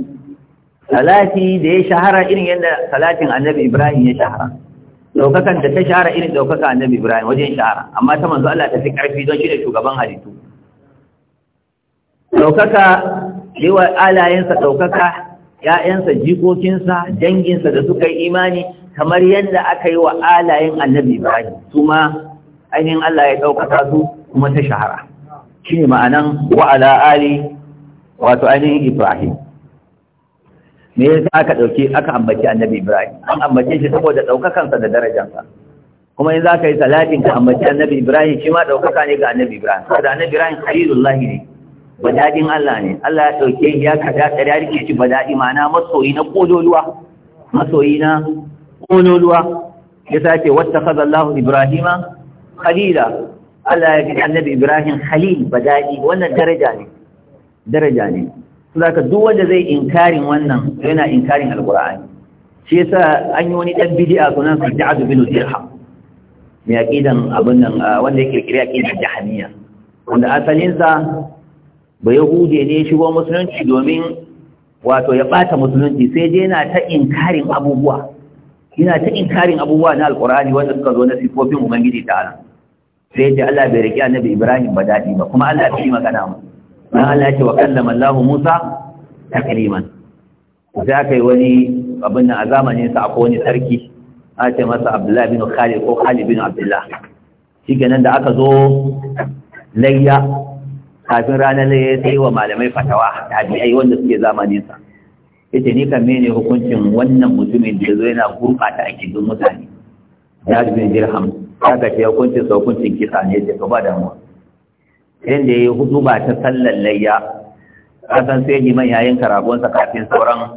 salati da ya shahara irin yadda salatin annabi Ibrahim ya shahara Ɗaukakan da ta shahara irin ɗaukaka annabi Ibrahim wajen shahara amma ta manzo Allah ta fi ƙarfi don shi da shugaban halittu ɗaukaka yawa alayensa ɗaukaka ‘ya'yansa jikokinsa danginsa da suka yi imani kamar yadda aka yi wa alayen annabi ibrahim su ma ainihin allah ya ɗaukaka su kuma ta shahara shi ne ma'anan wa'ala ali wato ainihin ibrahim me yasa aka ɗauke aka ambaci annabi ibrahim an ambace shi saboda ɗaukakansa da darajansa kuma in za ka yi salatin ka ambaci annabi ibrahim shi ma ɗaukaka ne ga annabi ibrahim saboda annabi ibrahim khalilullahi ne badadin Allah ne Allah ya dauke ya kada ta da rike shi badadi ma'ana masoyi na kololuwa masoyi na kololuwa ya sace wattakhadha Allah Ibrahima khalila Allah ya ji annabi Ibrahim khalil badadi wannan daraja ne daraja ne saboda duk wanda zai inkarin wannan yana inkarin alqur'ani shi yasa an yi wani dan bid'a sunan sa Ja'd bin Dirham mai aqidan abin nan wanda yake kirkira aqidan jahaniya wanda asalin sa ba ya yahude ne ya shigo musulunci domin wato ya bata musulunci sai dai yana ta inkarin abubuwa yana ta inkarin abubuwa na alkurani wanda suka zo na sifofin ubangiji ala. sai ya Allah bai riƙe annabi Ibrahim ba daɗi ba kuma Allah ya magana mu dan Allah ya ce wa kallama Allah Musa takriman sai aka yi wani abin nan a zamanin sa akwai wani sarki a ce masa Abdullahi bin Khalid ko Khalid bin Abdullah shi kenan da aka zo layya kafin ranar ya sai wa malamai fatawa da tabi'ai wanda suke zamanin sa yace ni kan mene hukuncin wannan mutumin da zo yana gurbata akidun mutane ya bin dirham kaga ce hukuncin sa hukuncin kisa ne ce ka ba damuwa sai da yi hudu ba ta sallar layya kasan sai liman yayin karagon sa kafin sauran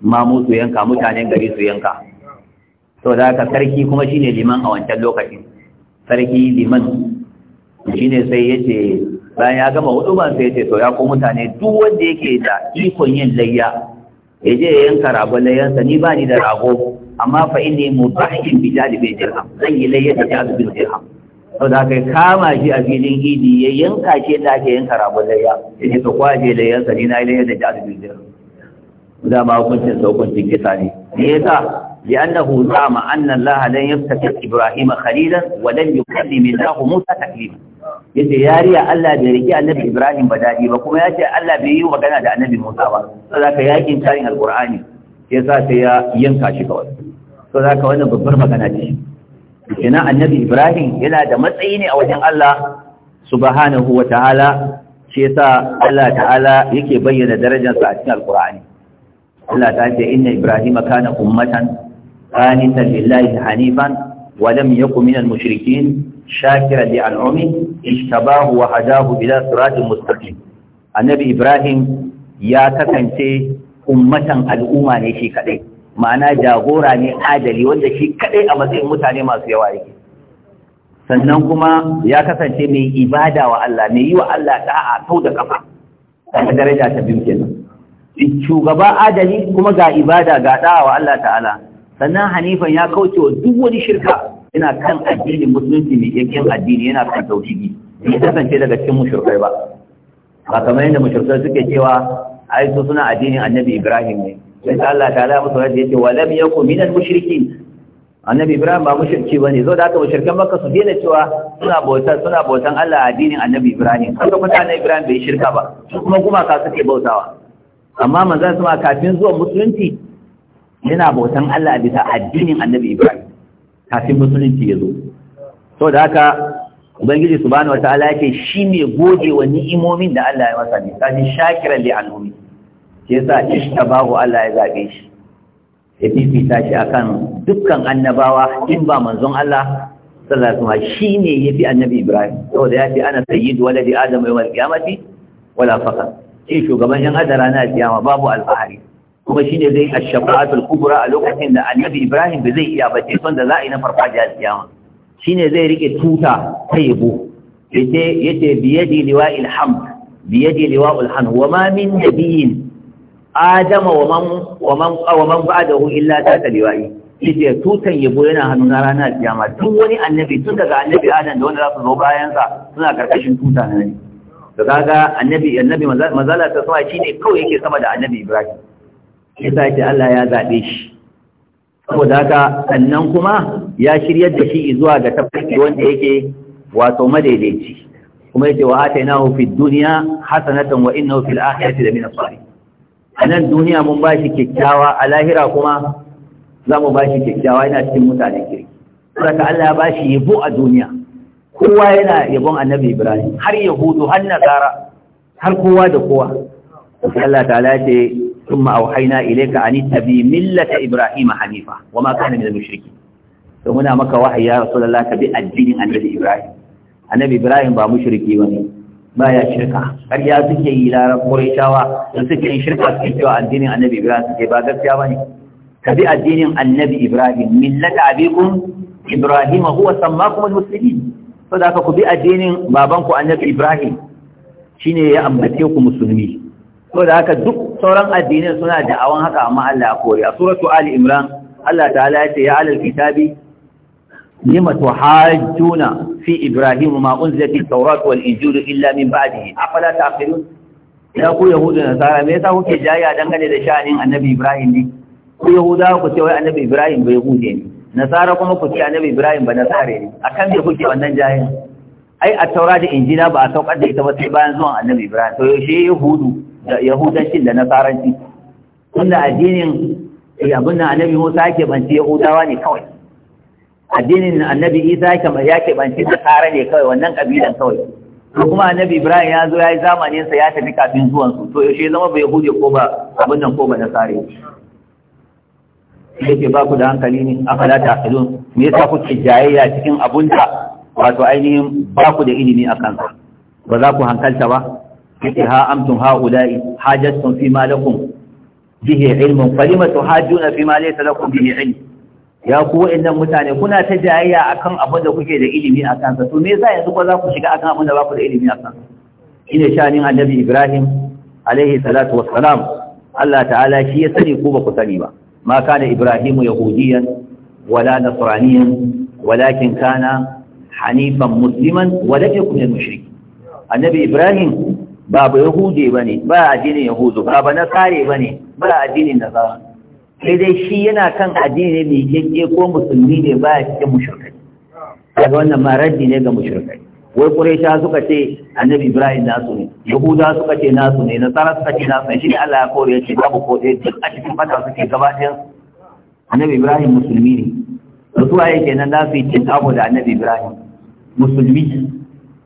mamu su yanka mutanen gari su yanka to da ka sarki kuma shine liman a wancan lokacin sarki liman shine sai yace bayan ya gama hudu ban sai ce to ya ku mutane duk wanda yake da ikon yin layya ya je ya yanka ragon layyansa ni ba ni da rago amma fa inni mubahin bi jalibi dirham zan yi layya da jalibi dirham to da kai kama shi a filin idi ya yanka shi da ke yanka ragon layya ya ce to kwaje layyansa ni na yi layya da jalibi dirham da ma hukuncin sa hukuncin kisa ne me لأنه زعم أن الله لن يفتكر إبراهيم خليلا ولن يكلم الله موسى تكليما yace yariya Allah bai rike annabi Ibrahim ba dadi ba kuma yace Allah bai yi magana da annabi Musa ba saboda yakin tarin ya sa sai ya yanka shi kawai ka wannan babbar magana ce kina annabi Ibrahim yana da matsayi ne a wajen Allah subhanahu wa ta'ala shi yasa Allah ta'ala yake bayyana darajarsa a cikin alqur'ani Allah ta ce inna Ibrahim kana ummatan قانتا لله حنيفا ولم يكن من المشركين شاكرا لأنعمه اجتباه وهداه إلى صراط مستقيم النبي إبراهيم يا كسنتي أمة الأمة نشي كدي ma'ana jagora ne adali wanda shi kadai a matsayin mutane masu yawa yake sannan kuma ya kasance mai ibada wa Allah mai yi wa Allah da'a sau da kafa ta daraja ta biyu kenan shugaba adali kuma ga ibada ga da'a wa Allah ta'ala sannan hanifan ya kauce wa duk wani shirka yana kan addinin musulunci mai yankin addini yana kan tauhidi bai kasance daga cikin mushrikai ba ba kamar yadda mushrikai suke cewa ai su suna addinin annabi ibrahim ne sai Allah ta ala musu radi yace wa lam yakun al mushrikin annabi ibrahim ba mushriki bane zo da aka mushrikan makka su dena cewa suna bautar suna bautan Allah addinin annabi ibrahim kuma mutanen ibrahim bai shirka ba kuma kuma ka suke bautawa amma manzon su ma kafin zuwa musulunci yana bautan Allah bisa addinin annabi Ibrahim kafin musulunci ya zo to da haka ubangiji subhanahu wataala yake shi ne gode wa ni'imomin da Allah ya masa ne kafin shakiran li anumi ke sa ishtabahu Allah ya zabe shi ya fifita shi akan dukkan annabawa in ba manzon Allah sallallahu alaihi wasallam shine yafi annabi Ibrahim da yafi ana sayyidu waladi adam yawmal qiyamati wala faqa shi shugaban yan adara na kiyama babu alfahari kuma ne zai ash-shafa'atul kubura a lokacin da annabi Ibrahim bai zai iya ba ce son da za a yi na farfajiya Shi ne zai rike tuta ta yabo Ya yace yace biyadi liwa'il hamd biyadi liwa'ul han wa ma min nabiyyin adam wa man wa man wa ta ba'dahu illa ta liwa'i yace tutan yabo yana hannu na ranar kiyama duk wani annabi tun daga annabi Adam da wanda za su zo bayansa suna karkashin tuta ne to kaga annabi annabi mazala ta sama shine kawai yake sama da annabi Ibrahim yasa ce Allah ya zaɓe shi saboda haka sannan kuma ya shiryar da shi zuwa ga tafarki wanda yake wato madaidaici kuma yace wa na fid duniya hasanatan wa innahu da akhirati lamina A nan duniya mun bashi kyakkyawa, a lahira kuma za mu bashi kyakkyawa yana cikin mutane kiri. saboda Allah ya bashi yabo a duniya kowa yana yabon annabi Ibrahim har yahudu har nasara har kowa da kowa Allah ta ce ثم أوحينا إليك أن اتبي ملة إبراهيم حنيفة وما كان من المشركين ثم أنا مكة وحي يا رسول الله تبي الدين النبي إبراهيم النبي إبراهيم با مشركي وني ما يا شركة قال يا سكي إلى قريشاوة سكي شركة سكي الدين النبي إبراهيم سكي باقر سياباني تبي الدين النبي إبراهيم ملة أبيكم إبراهيم هو سماكم المسلمين فذاك كبي الدين بابانكم النبي إبراهيم شيني يا أمتيكم مسلمين so da haka duk sauran addinai suna da awon haka amma Allah ya kore a suratu ali imran Allah ta'ala ya ce ya alal kitabi lima tuhajjuna fi ibrahim ma unzila fi tawrat wal injil illa min ba'dihi afala ta'qilun ya ku yahudu na sara me yasa kuke jaya dangane da sha'anin annabi ibrahim ne ku yahuda ku ce wai annabi ibrahim bai hude ne nasara kuma ku ce annabi ibrahim ba nasare ne akan me kuke wannan jaya ai a taura da injila ba a saukar da ita ba sai bayan zuwan annabi ibrahim to yaushe yahudu da yahudancin da nasaranci tunda addinin eh, abin nan annabi Musa yake banci yahudawa ne kawai addinin annabi Isa yake banci nasara ne kawai wannan kabilan kawai to kuma annabi Ibrahim ya zo ya yi zamanin sa ya tafi kafin zuwan su to yaushe zama bai yahudi ko ba abin nan ko ba nasare yake ba ku da hankali ne a afala ta akilun me yasa kuke jayayya cikin abunta wato ainihin ba ku da ilimi a kansa ba za ku hankalta ba yake ha amtum haula'i hajatun fi ma lakum bihi ilmun falima tuhajjuna fi ma laysa lakum bihi ilm ya ku wa'annan mutane kuna ta jayayya kan abin da kuke da ilimi a kansa to me yasa yanzu ko za ku shiga a kan abin da ba ku da ilimi a kansa shine shanin annabi Ibrahim alaihi salatu wassalam Allah ta'ala shi ya sani ko ba ku sani ba ma kana Ibrahim yahudiyan wala nasraniyan walakin kana hanifan musliman wala yakun mushrik annabi Ibrahim ba ba yahude ba ne ba addinin yahudu ba ba nasare ba ne ba addinin nasara sai dai shi yana kan addini ne mai keke ko musulmi ne ba ya cikin mushrikai daga wannan ma raddi ne ga mushrikai wai quraisha suka ce annabi ibrahim nasu ne yahuda suka ce nasu ne nasara suka ce nasu ne shi Allah ya kore ya ce babu ko ɗaya duk a cikin fata suke gaba ɗayan annabi ibrahim musulmi ne da su waye kenan za su yi cin da annabi ibrahim musulmi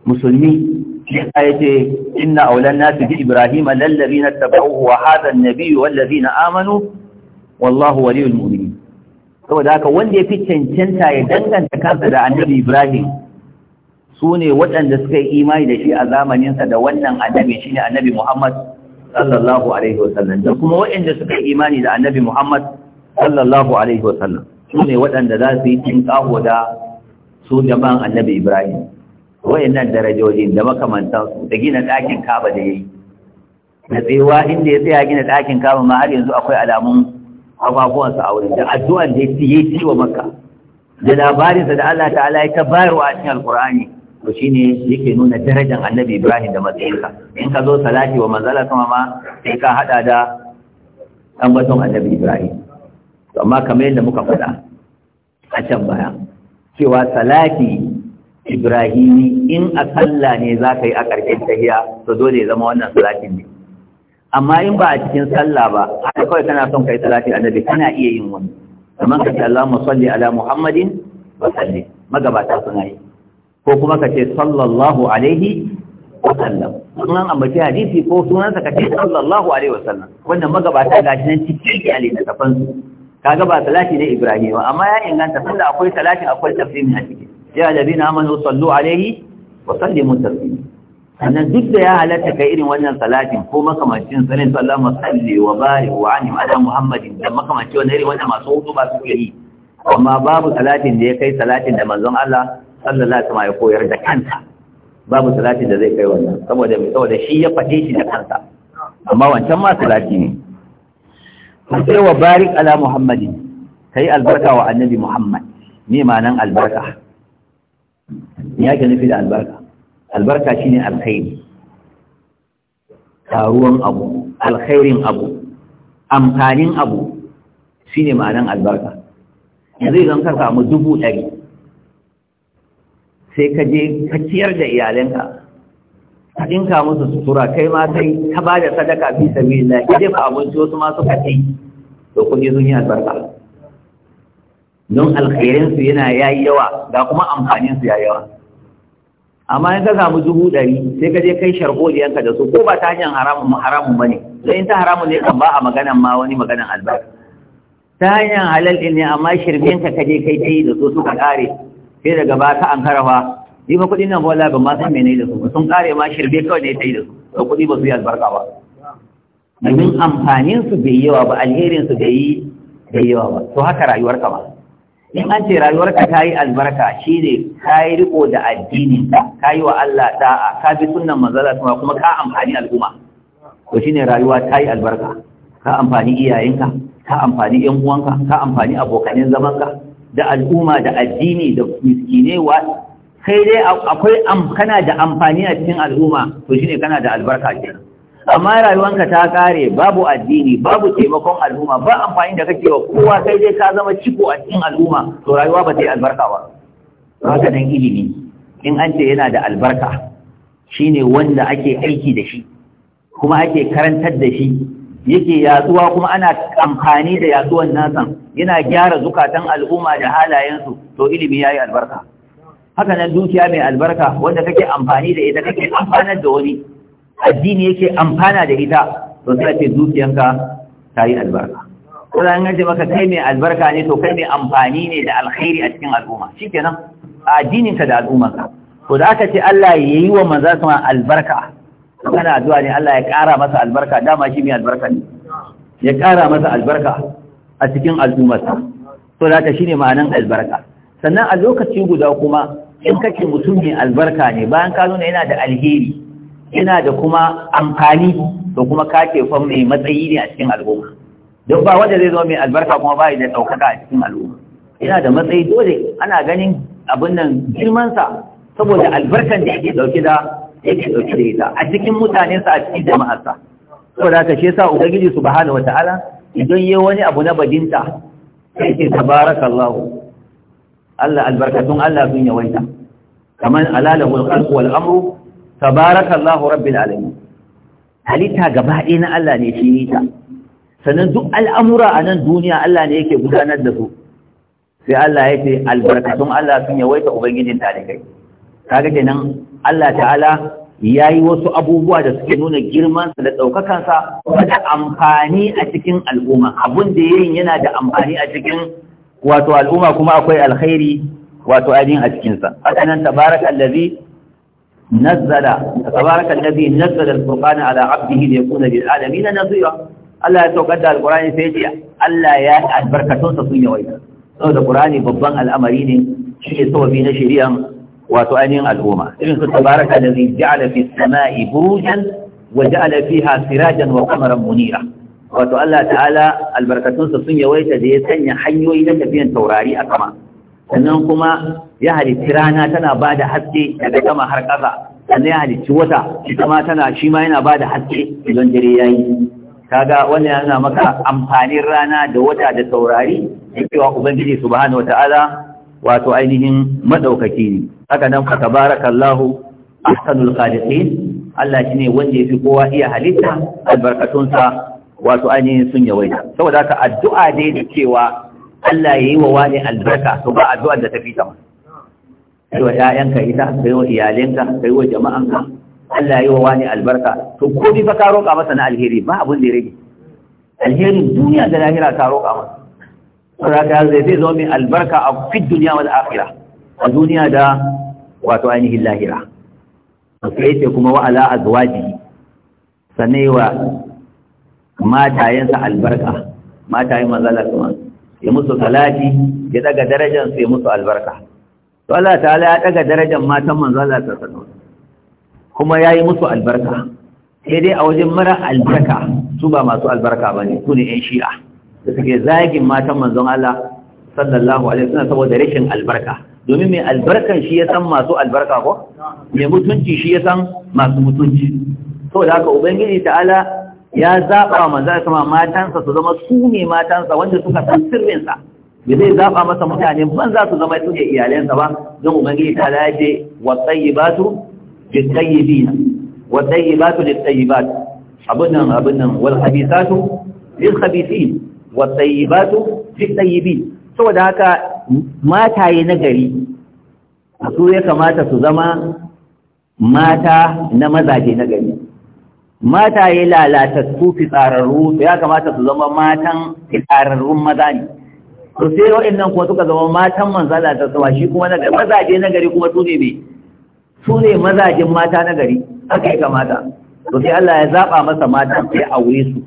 musulmi yasa yace inna awlan nas bi ibrahim lallabi na tabauhu wa hadha an-nabiy na amanu wallahu waliyul mu'minin saboda haka wanda ya fi cancanta ya danganta kansa da annabi ibrahim su ne waɗanda suka yi imani da shi a zamaninsa da wannan annabi shine annabi muhammad sallallahu alaihi wa sallam. da kuma waɗanda suka yi imani da annabi muhammad sallallahu alaihi wasallam su ne waɗanda za su yi cin da su jama'an annabi ibrahim wayannan darajojin da su da gina ɗakin kaba da yayi na tsewa inda ya tsaya gina ɗakin kaba ma har yanzu akwai alamun abubuwansa a wurin da addu'an da yake yi wa makka da labarinsa da Allah ta'ala ya ta bayarwa a cikin alkur'ani to shine yake nuna darajar annabi ibrahim da matsayinka in ka zo salati wa manzala sama ma sai ka hada da ambaton annabi ibrahim to amma kamar yadda muka faɗa a can baya cewa salati ibrahimi in a sallah ne za ka yi a ƙarƙin tahiya to dole ya zama wannan salatin ne amma in ba a cikin sallah ba haka kawai kana son kai salati annabi kana iya yin wani kamar ka ce Allahumma salli ala Muhammadin wa salli magabata suna yi ko kuma ka ce sallallahu alaihi wa sallam sunan ambaci hadisi ko sunansa ka ce sallallahu alaihi wa sallam wannan magabata gashi nan cikin iyali na kafansu kaga ba salati ne Ibrahim amma ya inganta sallah akwai salati akwai tafsirin hadisi ya ladina amanu sallu alaihi wa sallimu taslima sannan duk da ya halatta kai irin wannan salatin ko makamancin sanin sallama salli wa bari wa ani ala muhammadin da makamancin wannan irin wannan masu hudu ba su yi amma babu salatin da ya kai salatin da manzon Allah sallallahu alaihi wasallam ya koyar da kansa babu salatin da zai kai wannan saboda saboda shi ya fade shi da kansa amma wancan ma salati ne sai wa barik ala muhammadin kai albarka wa annabi muhammad ne nan albarka ya ke nufi da albarka albarka shi ne alkhairi taruwan abu alkhairin abu amfanin abu shine ma'anan albarka yanzu idan ka samu dubu ɗari sai ka je ka ciyar da iyalanka ka ɗinka musu sutura kai ma kai ka ba da sadaka fi sabi da ya jefa abinci wasu masu kaɗai da kuɗi sun albarka don alkhairinsu yana yayi yawa ga kuma amfaninsu yayi yawa amma in ka samu dubu ɗari sai ka je kai sharholiyanka da su ko ba ta hanyar haramun haramun ba ne sai in ta haramun ne kan ba a maganan ma wani maganan albarka ta hanyar halal ɗin ne amma shirminka ka je kai tai da su suka ƙare sai daga ba ta an karawa ni ba kuɗin nan ba wala ban ma san mene da su sun ƙare ma shirbe kawai ne yi da su ba kuɗi ba su yi albarka ba domin amfaninsu bai yawa ba alherinsu bai yi bai yawa ba to haka rayuwarka ba in an ce rayuwarka ta yi albarka shi ne ka yi riko da addini ka yi wa Allah da'a ka bi sunan manzala kuma kuma ka amfani al'umma to shi ne rayuwa ta yi albarka ka amfani iyayenka ka amfani yan uwanka ka amfani abokanin zamanka da al'umma da addini da miskinewa sai dai akwai kana da amfani a cikin al'umma to shi ne kana da albarka kenan amma rayuwanka ta kare babu addini babu taimakon al'umma ba amfani da kake wa kowa sai dai ka zama ciko a cikin al'umma to rayuwa ba ta yi albarka ba haka nan ilimi in an ce yana da albarka shine wanda ake aiki da shi kuma ake karantar da shi yake yatsuwa kuma ana amfani da yatsuwan nasan yana gyara zukatan al'umma da halayensu to ilimi yayi albarka haka nan dukiya mai albarka wanda kake amfani da ita kake amfanar da wani addini yake amfana da ita to sai ce dukiyanka ta yi albarka kuma an gaje maka kai mai albarka ne to kai mai amfani ne da alkhairi a cikin al'umma a addininka da al'ummarka to da aka ce Allah ya yi wa manzo sama albarka kana addu'a ne Allah ya ƙara masa albarka dama shi mai albarka ne ya ƙara masa albarka a cikin al'ummarsa to da ka shine ma'anan albarka sannan a lokaci guda kuma in kake mutum mai albarka ne bayan ka nuna yana da alheri yana da kuma amfani to kuma kake ce mai matsayi ne a cikin al'umma duk ba wanda zai zama mai albarka kuma ba da ɗaukaka a cikin al'umma yana da matsayi dole ana ganin abin nan girmansa saboda albarkan da yake ɗauke da yake ɗauke da ita a cikin sa a cikin jama'arsa saboda haka shi yasa ubangiji subhanahu wataala idan yayi wani abu na bajinta sai ce tabarakallahu Allah albarkatun Allah sun yawaita kamar alalahu alqalbu wal amru tabarakallahu rabbil alamin halitta gaba ɗaya na Allah ne shi ta. sannan duk al'amura a nan duniya Allah ne yake gudanar da su sai Allah ya ce albarkatun Allah sun yawaita ubangijin kai kaga kenan Allah ta'ala ya yi wasu abubuwa da suke nuna girmansa da ɗaukakansa da amfani a cikin al'umma Abun da yayin yana da amfani a cikin wato al'umma kuma akwai alkhairi wato ainihin a cikinsa hakanan tabarak نزل تبارك الذي نزل القرآن على عبده ليكون للعالمين نظيرا الله يتوقد القرآن سيديا الله يأتي بركة تصيني ويدا هذا القرآن ببضان الأمرين شيء سوى في نشريا وتؤني الأمة إذن تبارك الذي جعل في السماء بروجا وجعل فيها سراجا وقمرا منيرا وتؤلى تعالى البركة تصيني ويدا ليتني حي ويدا في التوراه أكمان sannan kuma ya halitti rana tana ba da haske daga sama har ƙasa sannan ya halitti wata ita tana shi ma yana ba da haske idan dare ya yi kaga wannan yana maka amfanin rana da wata da saurari da cewa ubangiji subhanahu wata'ala wato ainihin maɗaukaki ne haka nan fa tabarakallahu ahsanul khaliqin Allah ne wanda ya fi kowa iya halitta albarkatunsa wato ainihin sun yawaita saboda haka addu'a dai da cewa Allah ya yi wa wani albarka to ba addu'ar da ta fi ta ma kai wa ƴaƴanka ita kai wa iyalinka kai wa jama'anka Allah ya yi wa wani albarka to ko bi fa ka roƙa masa na alheri ba abin da ya rage Alheri duniya da lahira ka roƙa masa ka zai zai zo min albarka a fi duniya wal akhirah a duniya da wato ainihin lahira sai ce kuma wa ala azwaji sanai wa matayensa albarka matayen manzala kuma ya musu salati ya daga darajar su ya musu albarka to Allah ta'ala ya daga darajar matan manzo Allah ta sanu kuma yayi musu albarka sai dai a wajen mara albarka su ba masu albarka bane su ne ɗan shi'a da suke zagin matan manzo Allah sallallahu alaihi wasallam saboda rashin albarka domin mai albarkan shi ya san masu albarka ko mai mutunci shi ya san masu mutunci saboda haka ubangiji ta'ala ya zaɓa manzan kuma matansa su zama su ne matansa wanda suka san sirrinsa bai zai zaɓa masa mutane ban za su zama su ne iyalensa ba don ubangiji ta laje wa tsayibatu bi tsayibina wa tsayibatu li tsayibat abin nan abin nan wal habisatu lil habisin wa tsayibatu bi tsayibin saboda haka mataye na gari a su ya kamata su zama mata na mazaje na gari Mata lalata su fi tsararru ya kamata su zama matan tsararrun maza ne to sai nan kuma suka zama matan manza su shi kuma na gari mazaje na gari kuma su ne mai su ne mazajin mata na gari haka ya kamata to sai Allah ya zaba masa mata ya aure su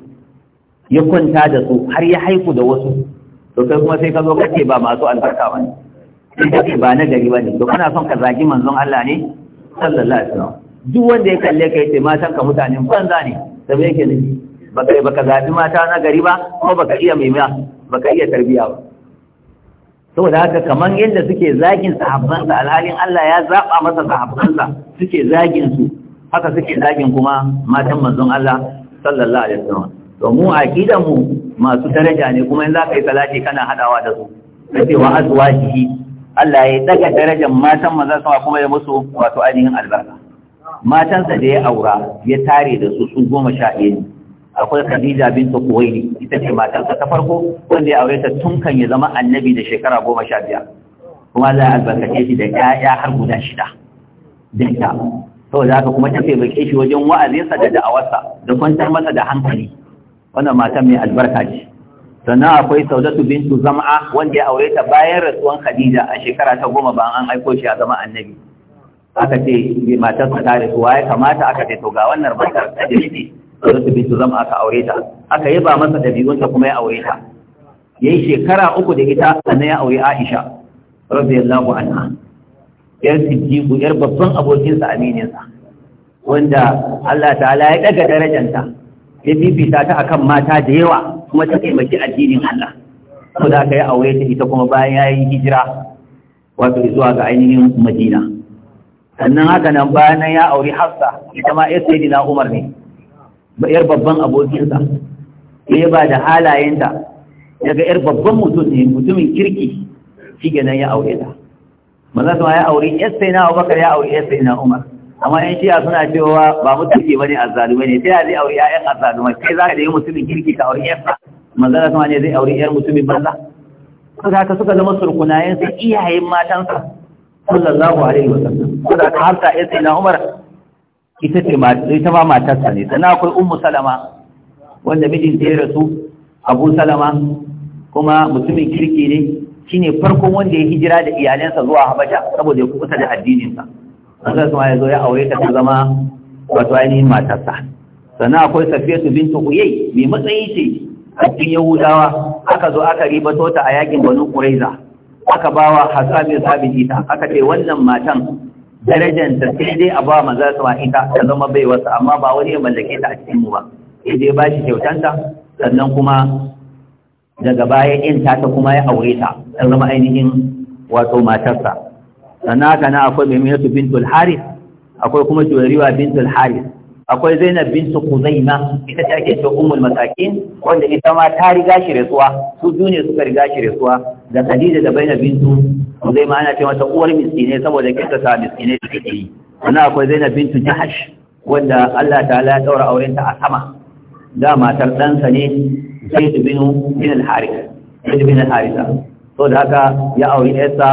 ya kwanta da su har ya haiku da wasu to kai kuma sai ka zo kake ba masu albarka ba ne kace ba na gari ba ne to kana son ka zagi manzon Allah ne sallallahu alaihi wasallam duk wanda ya kalle ka yace matan ka mutanen banza ne saboda yake nufi baka baka zabi mata na gari ba ko baka iya mimiya baka iya tarbiya ba saboda haka kamar yadda suke zagin sa alhalin Allah ya zaba masa sa suke zagin su haka suke zagin kuma matan manzon Allah sallallahu alaihi wasallam to mu aqidan mu masu daraja ne kuma in za ka yi salati kana hadawa da su kace wa azwajihi Allah ya daga darajar matan manzon sama kuma ya musu wato ainihin albarka matansa da ya aura ya tare da su su goma sha ɗaya ne akwai khadija binta kuwaili ita ce matansa ta farko wanda ya aure ta tun kan ya zama annabi da shekara goma sha biyar kuma za a albarkace shi da ƴaƴa har guda shida dinta saboda haka kuma ta taimake shi wajen wa'azinsa da da'awarsa da kwantar masa da hankali wannan matan mai albarka ce sannan akwai saudatu bintu Zama'a, wanda ya aure ta bayan rasuwan khadija a shekara ta goma ba an aiko shi a zama annabi aka ce bi matar ta tare su waye kamata aka ce to ga wannan bakar ta jirgi to su bi su zama aka aure ta aka yaba masa dabi'unta kuma ya aure ta yayi shekara uku da ita sannan ya aure Aisha radiyallahu anha yar siddiqu yar babban abokin sa aminin sa wanda Allah ta'ala ya daga darajanta ya fifita ta akan mata da yawa kuma ta taimaki addinin Allah saboda aka yi aure ta ita kuma bayan ya yi hijira wato zuwa ga ainihin Madina sannan haka nan bayan ya auri hafsa ita ma yar na umar ne yar babban abokinsa sai ba da halayenta daga yar babban mutum ne mutumin kirki shi ganin ya aure ta maza su ya aure yar na abubakar ya aure yar na umar amma yan shiya suna cewa ba mutunci bane azzalumai ne sai ya zai aure ƴaƴan azzalumai sai za ka da yi mutumin kirki ka aure ƴarsa manzara sama ne zai aure yar mutumin banza suka haka suka zama surkunayen sai iyayen matansa sallallahu alaihi wasallam kuma ka harta ya sai na Umar ita ce ita ma matarsa ne sannan akwai Ummu Salama wanda mijin ta ya rasu Abu Salama kuma mutumin kirki ne shine farkon wanda ya hijira da iyalansa zuwa Habasha saboda ya kusa da addininsa Allah kuma ya zo ya aure ta ta zama wato ainihin matarsa sannan akwai Safiyatu bintu Uyay mai matsayi ce a cikin Yahudawa aka zo aka ribato ta a yakin Banu Quraiza aka bawa hasabi sabin ita aka ce wannan matan darajanta sai dai a ba maza su ita ta zama bai wasu amma ba wani ya mallake ta a cikin mu ba sai dai ba shi kyautanta sannan kuma daga baya in ta ta kuma ya aure ta ta zama ainihin wato matarsa sannan haka na akwai su bintul haris akwai kuma juwariwa bintul haris akwai zainab bintu kuzaima ita ta ake cewa ummul masakin wanda ita ma ta riga shi rasuwa su biyu ne suka riga shi rasuwa da khadija da zainab bintu kuzaima ana cewa ta uwar miskine saboda kinta sa miskine da take yi sannan akwai zainab bintu jahash wanda Allah ta'ala ya daura auren ta a sama da matar sa ne zaid bin bin al-harith zaid bin al-haritha to da haka ya auri yarsa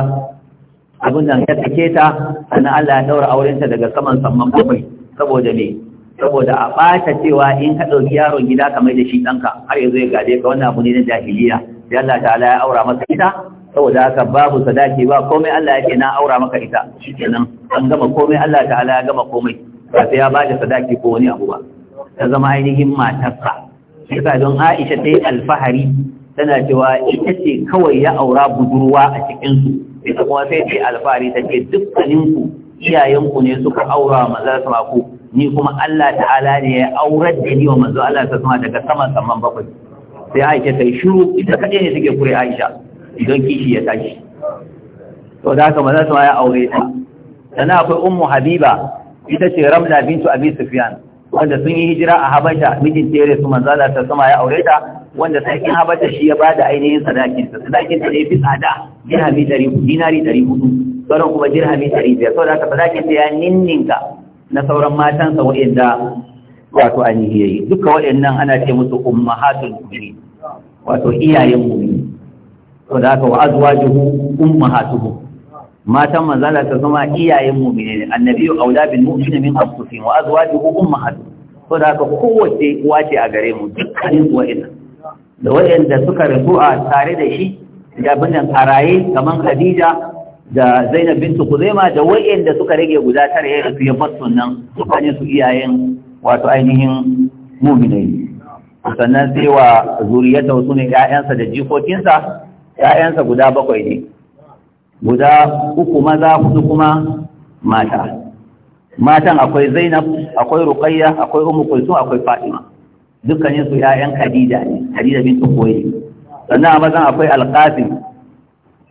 abin nan ya take ta sannan Allah ya daura auren ta daga saman samman bakwai saboda ne saboda a ɓata cewa in ka ɗauki yaron gida ka mai da shi ɗanka har yanzu ya gade ka wannan abu ne na jahiliya sai Allah ta'ala ya aura masa ita saboda haka babu sadaki ba komai Allah yake na aura maka ita shikenan an gama komai Allah ta'ala ya gama komai ba sai ya bada sadaki ko wani abu ba ta zama ainihin matarsa yasa don Aisha ta yi alfahari tana cewa ita ce kawai ya aura budurwa a cikinsu ita kuma sai ta yi alfahari ta ce dukkaninku iyayenku ne suka aura maza sama ku ni kuma Allah ta'ala ne ya aurar da ni wa manzo Allah ta sama daga saman saman bakwai sai Aisha ta yi shiru ita kaɗai ne suke kure Aisha Don kishi ya tashi to da haka maza ya aure ta sannan akwai ummu habiba ita ce ramla bintu abi sufyan wanda sun yi hijira a habasha mijin tere su manzo Allah ta sama ya aure ta wanda sarkin habasha shi ya ba da ainihin sadakin ta sadakin ta ne fi tsada dinari dari dinari 400 sauran kuma dirhami biyar. saboda haka sadakin ta ya ninninka na sauran matansa waɗanda wato ainihi yayi duka waɗannan ana ce musu ummahatul mu'minin wato iyayen mu'mini to da haka wa azwajuhu ummahatuhum matan manzala ta zama iyayen mu'mini ne annabiyyu aula bil mu'mini min anfusihim wa azwajuhu ummahatuhum to da haka kowace uwa ce a gare mu dukkanin waɗannan da waɗanda suka rasu a tare da shi da abin nan a kamar Khadija da Zainab bintu Khuzaima da wayanda suka rage guda tare ya rasu ya sunan nan suka ne su iyayen wato ainihin mu'minai sannan sai wa zuriyata su ne ƴaƴansa da jikokinsa ƴaƴansa guda bakwai ne guda uku maza hudu kuma mata matan akwai Zainab akwai Ruqayya akwai Ummu Kulsum akwai Fatima dukkanin su ƴaƴan Khadija ne Khadija bintu Khuwaylid sannan a mazan akwai Al-Qasim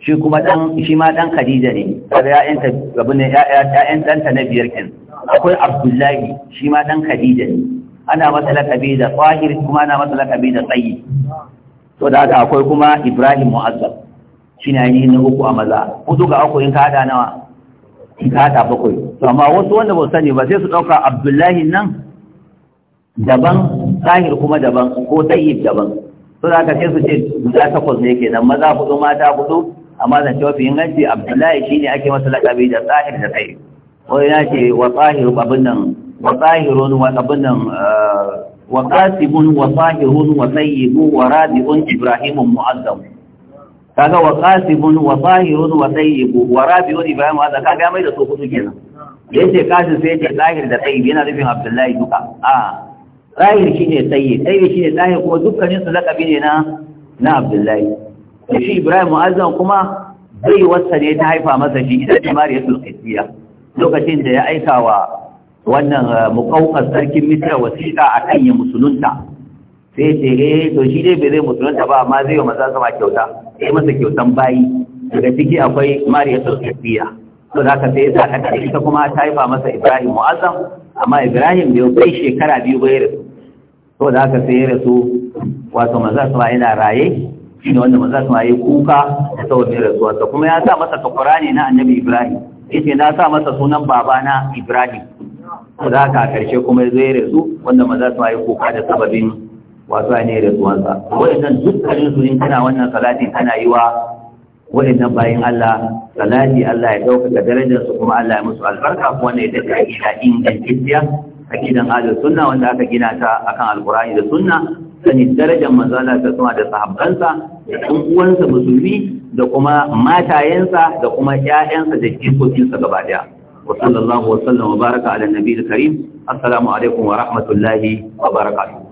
shi kuma dan shi ma dan Khadija ne kaga ƴaƴanta abin ne ƴaƴan ta na biyar kin akwai Abdullahi shi ma dan Khadija ne ana masa laqabi da Fahir kuma ana masa laqabi da Sayyi to da haka akwai kuma Ibrahim Mu'azzab ne ainihin na uku a maza hudu ga akwai in ka hada nawa in ka hada bakwai to amma wasu wanda ba sani ba sai su dauka Abdullahi nan daban Fahir kuma daban ko Sayyi daban to da haka sai su ce guda takwas ne kenan maza hudu mata hudu amma zan ce mafi inganci abdullahi shine ake masa lakabi da tsahir da tsayi ko ya ce wa tsahiru abin nan wa tsahirun wa abin nan eh, wa kasibun wa tsahirun wa sayyibu wa rabi'un ibrahim mu'azzam kaga wa kasibun wa zahirun wa tayyibu wa rabi'un ibrahim mu'azzam kaga mai da su kudu kenan yace kasin sai ce zahir da tayyib yana nufin abdullahi duka a zahir shine tayyib shi shine zahir kuma dukkanin su lakabi ne na na abdullahi shi ibrahim mu'azzam kuma zai wasa ne ta haifa masa shi ita Mariya mariyatul qibtiyya lokacin da ya aika wa wannan eh, mukaukar sarkin misra wasiƙa a kan yi musulunta sai ce eh to shi dai bai zai musulunta ba amma zai wa maza sama kyauta sai masa kyautan bayi daga ciki akwai mariya sulfiya to za ka sai sa ta ita kuma ta haifa masa ibrahim mu'azzam amma ibrahim bai kai shekara biyu bai ya rasu to za ka sai ya rasu wato maza sama yana raye shi ne wanda maza suna yi kuka da sababin rasuwarsa kuma ya sa masa takwara ne na annabi ibrahim yace na sa masa sunan babana ibrahim ko da a karshe kuma ya zai rasu wanda maza suna yi kuka da sababin wasu ne rasuwarsa waɗannan dukkanin su in wannan salatin tana yi wa waɗannan bayan Allah salati Allah ya ɗaukaka darajarsu kuma Allah ya musu albarka kuma ne da ta gida ingantacciya a gidan ahlus sunna wanda aka gina ta akan alqur'ani da sunna sani darajar manzala ta sama da sahabbansa da ɗan uwansa musulmi da kuma matayensa da kuma ƴaƴansa da jikokinsa gaba daya wa sallallahu wa sallam wa baraka ala nabiyil karim assalamu alaikum wa rahmatullahi wa barakatuh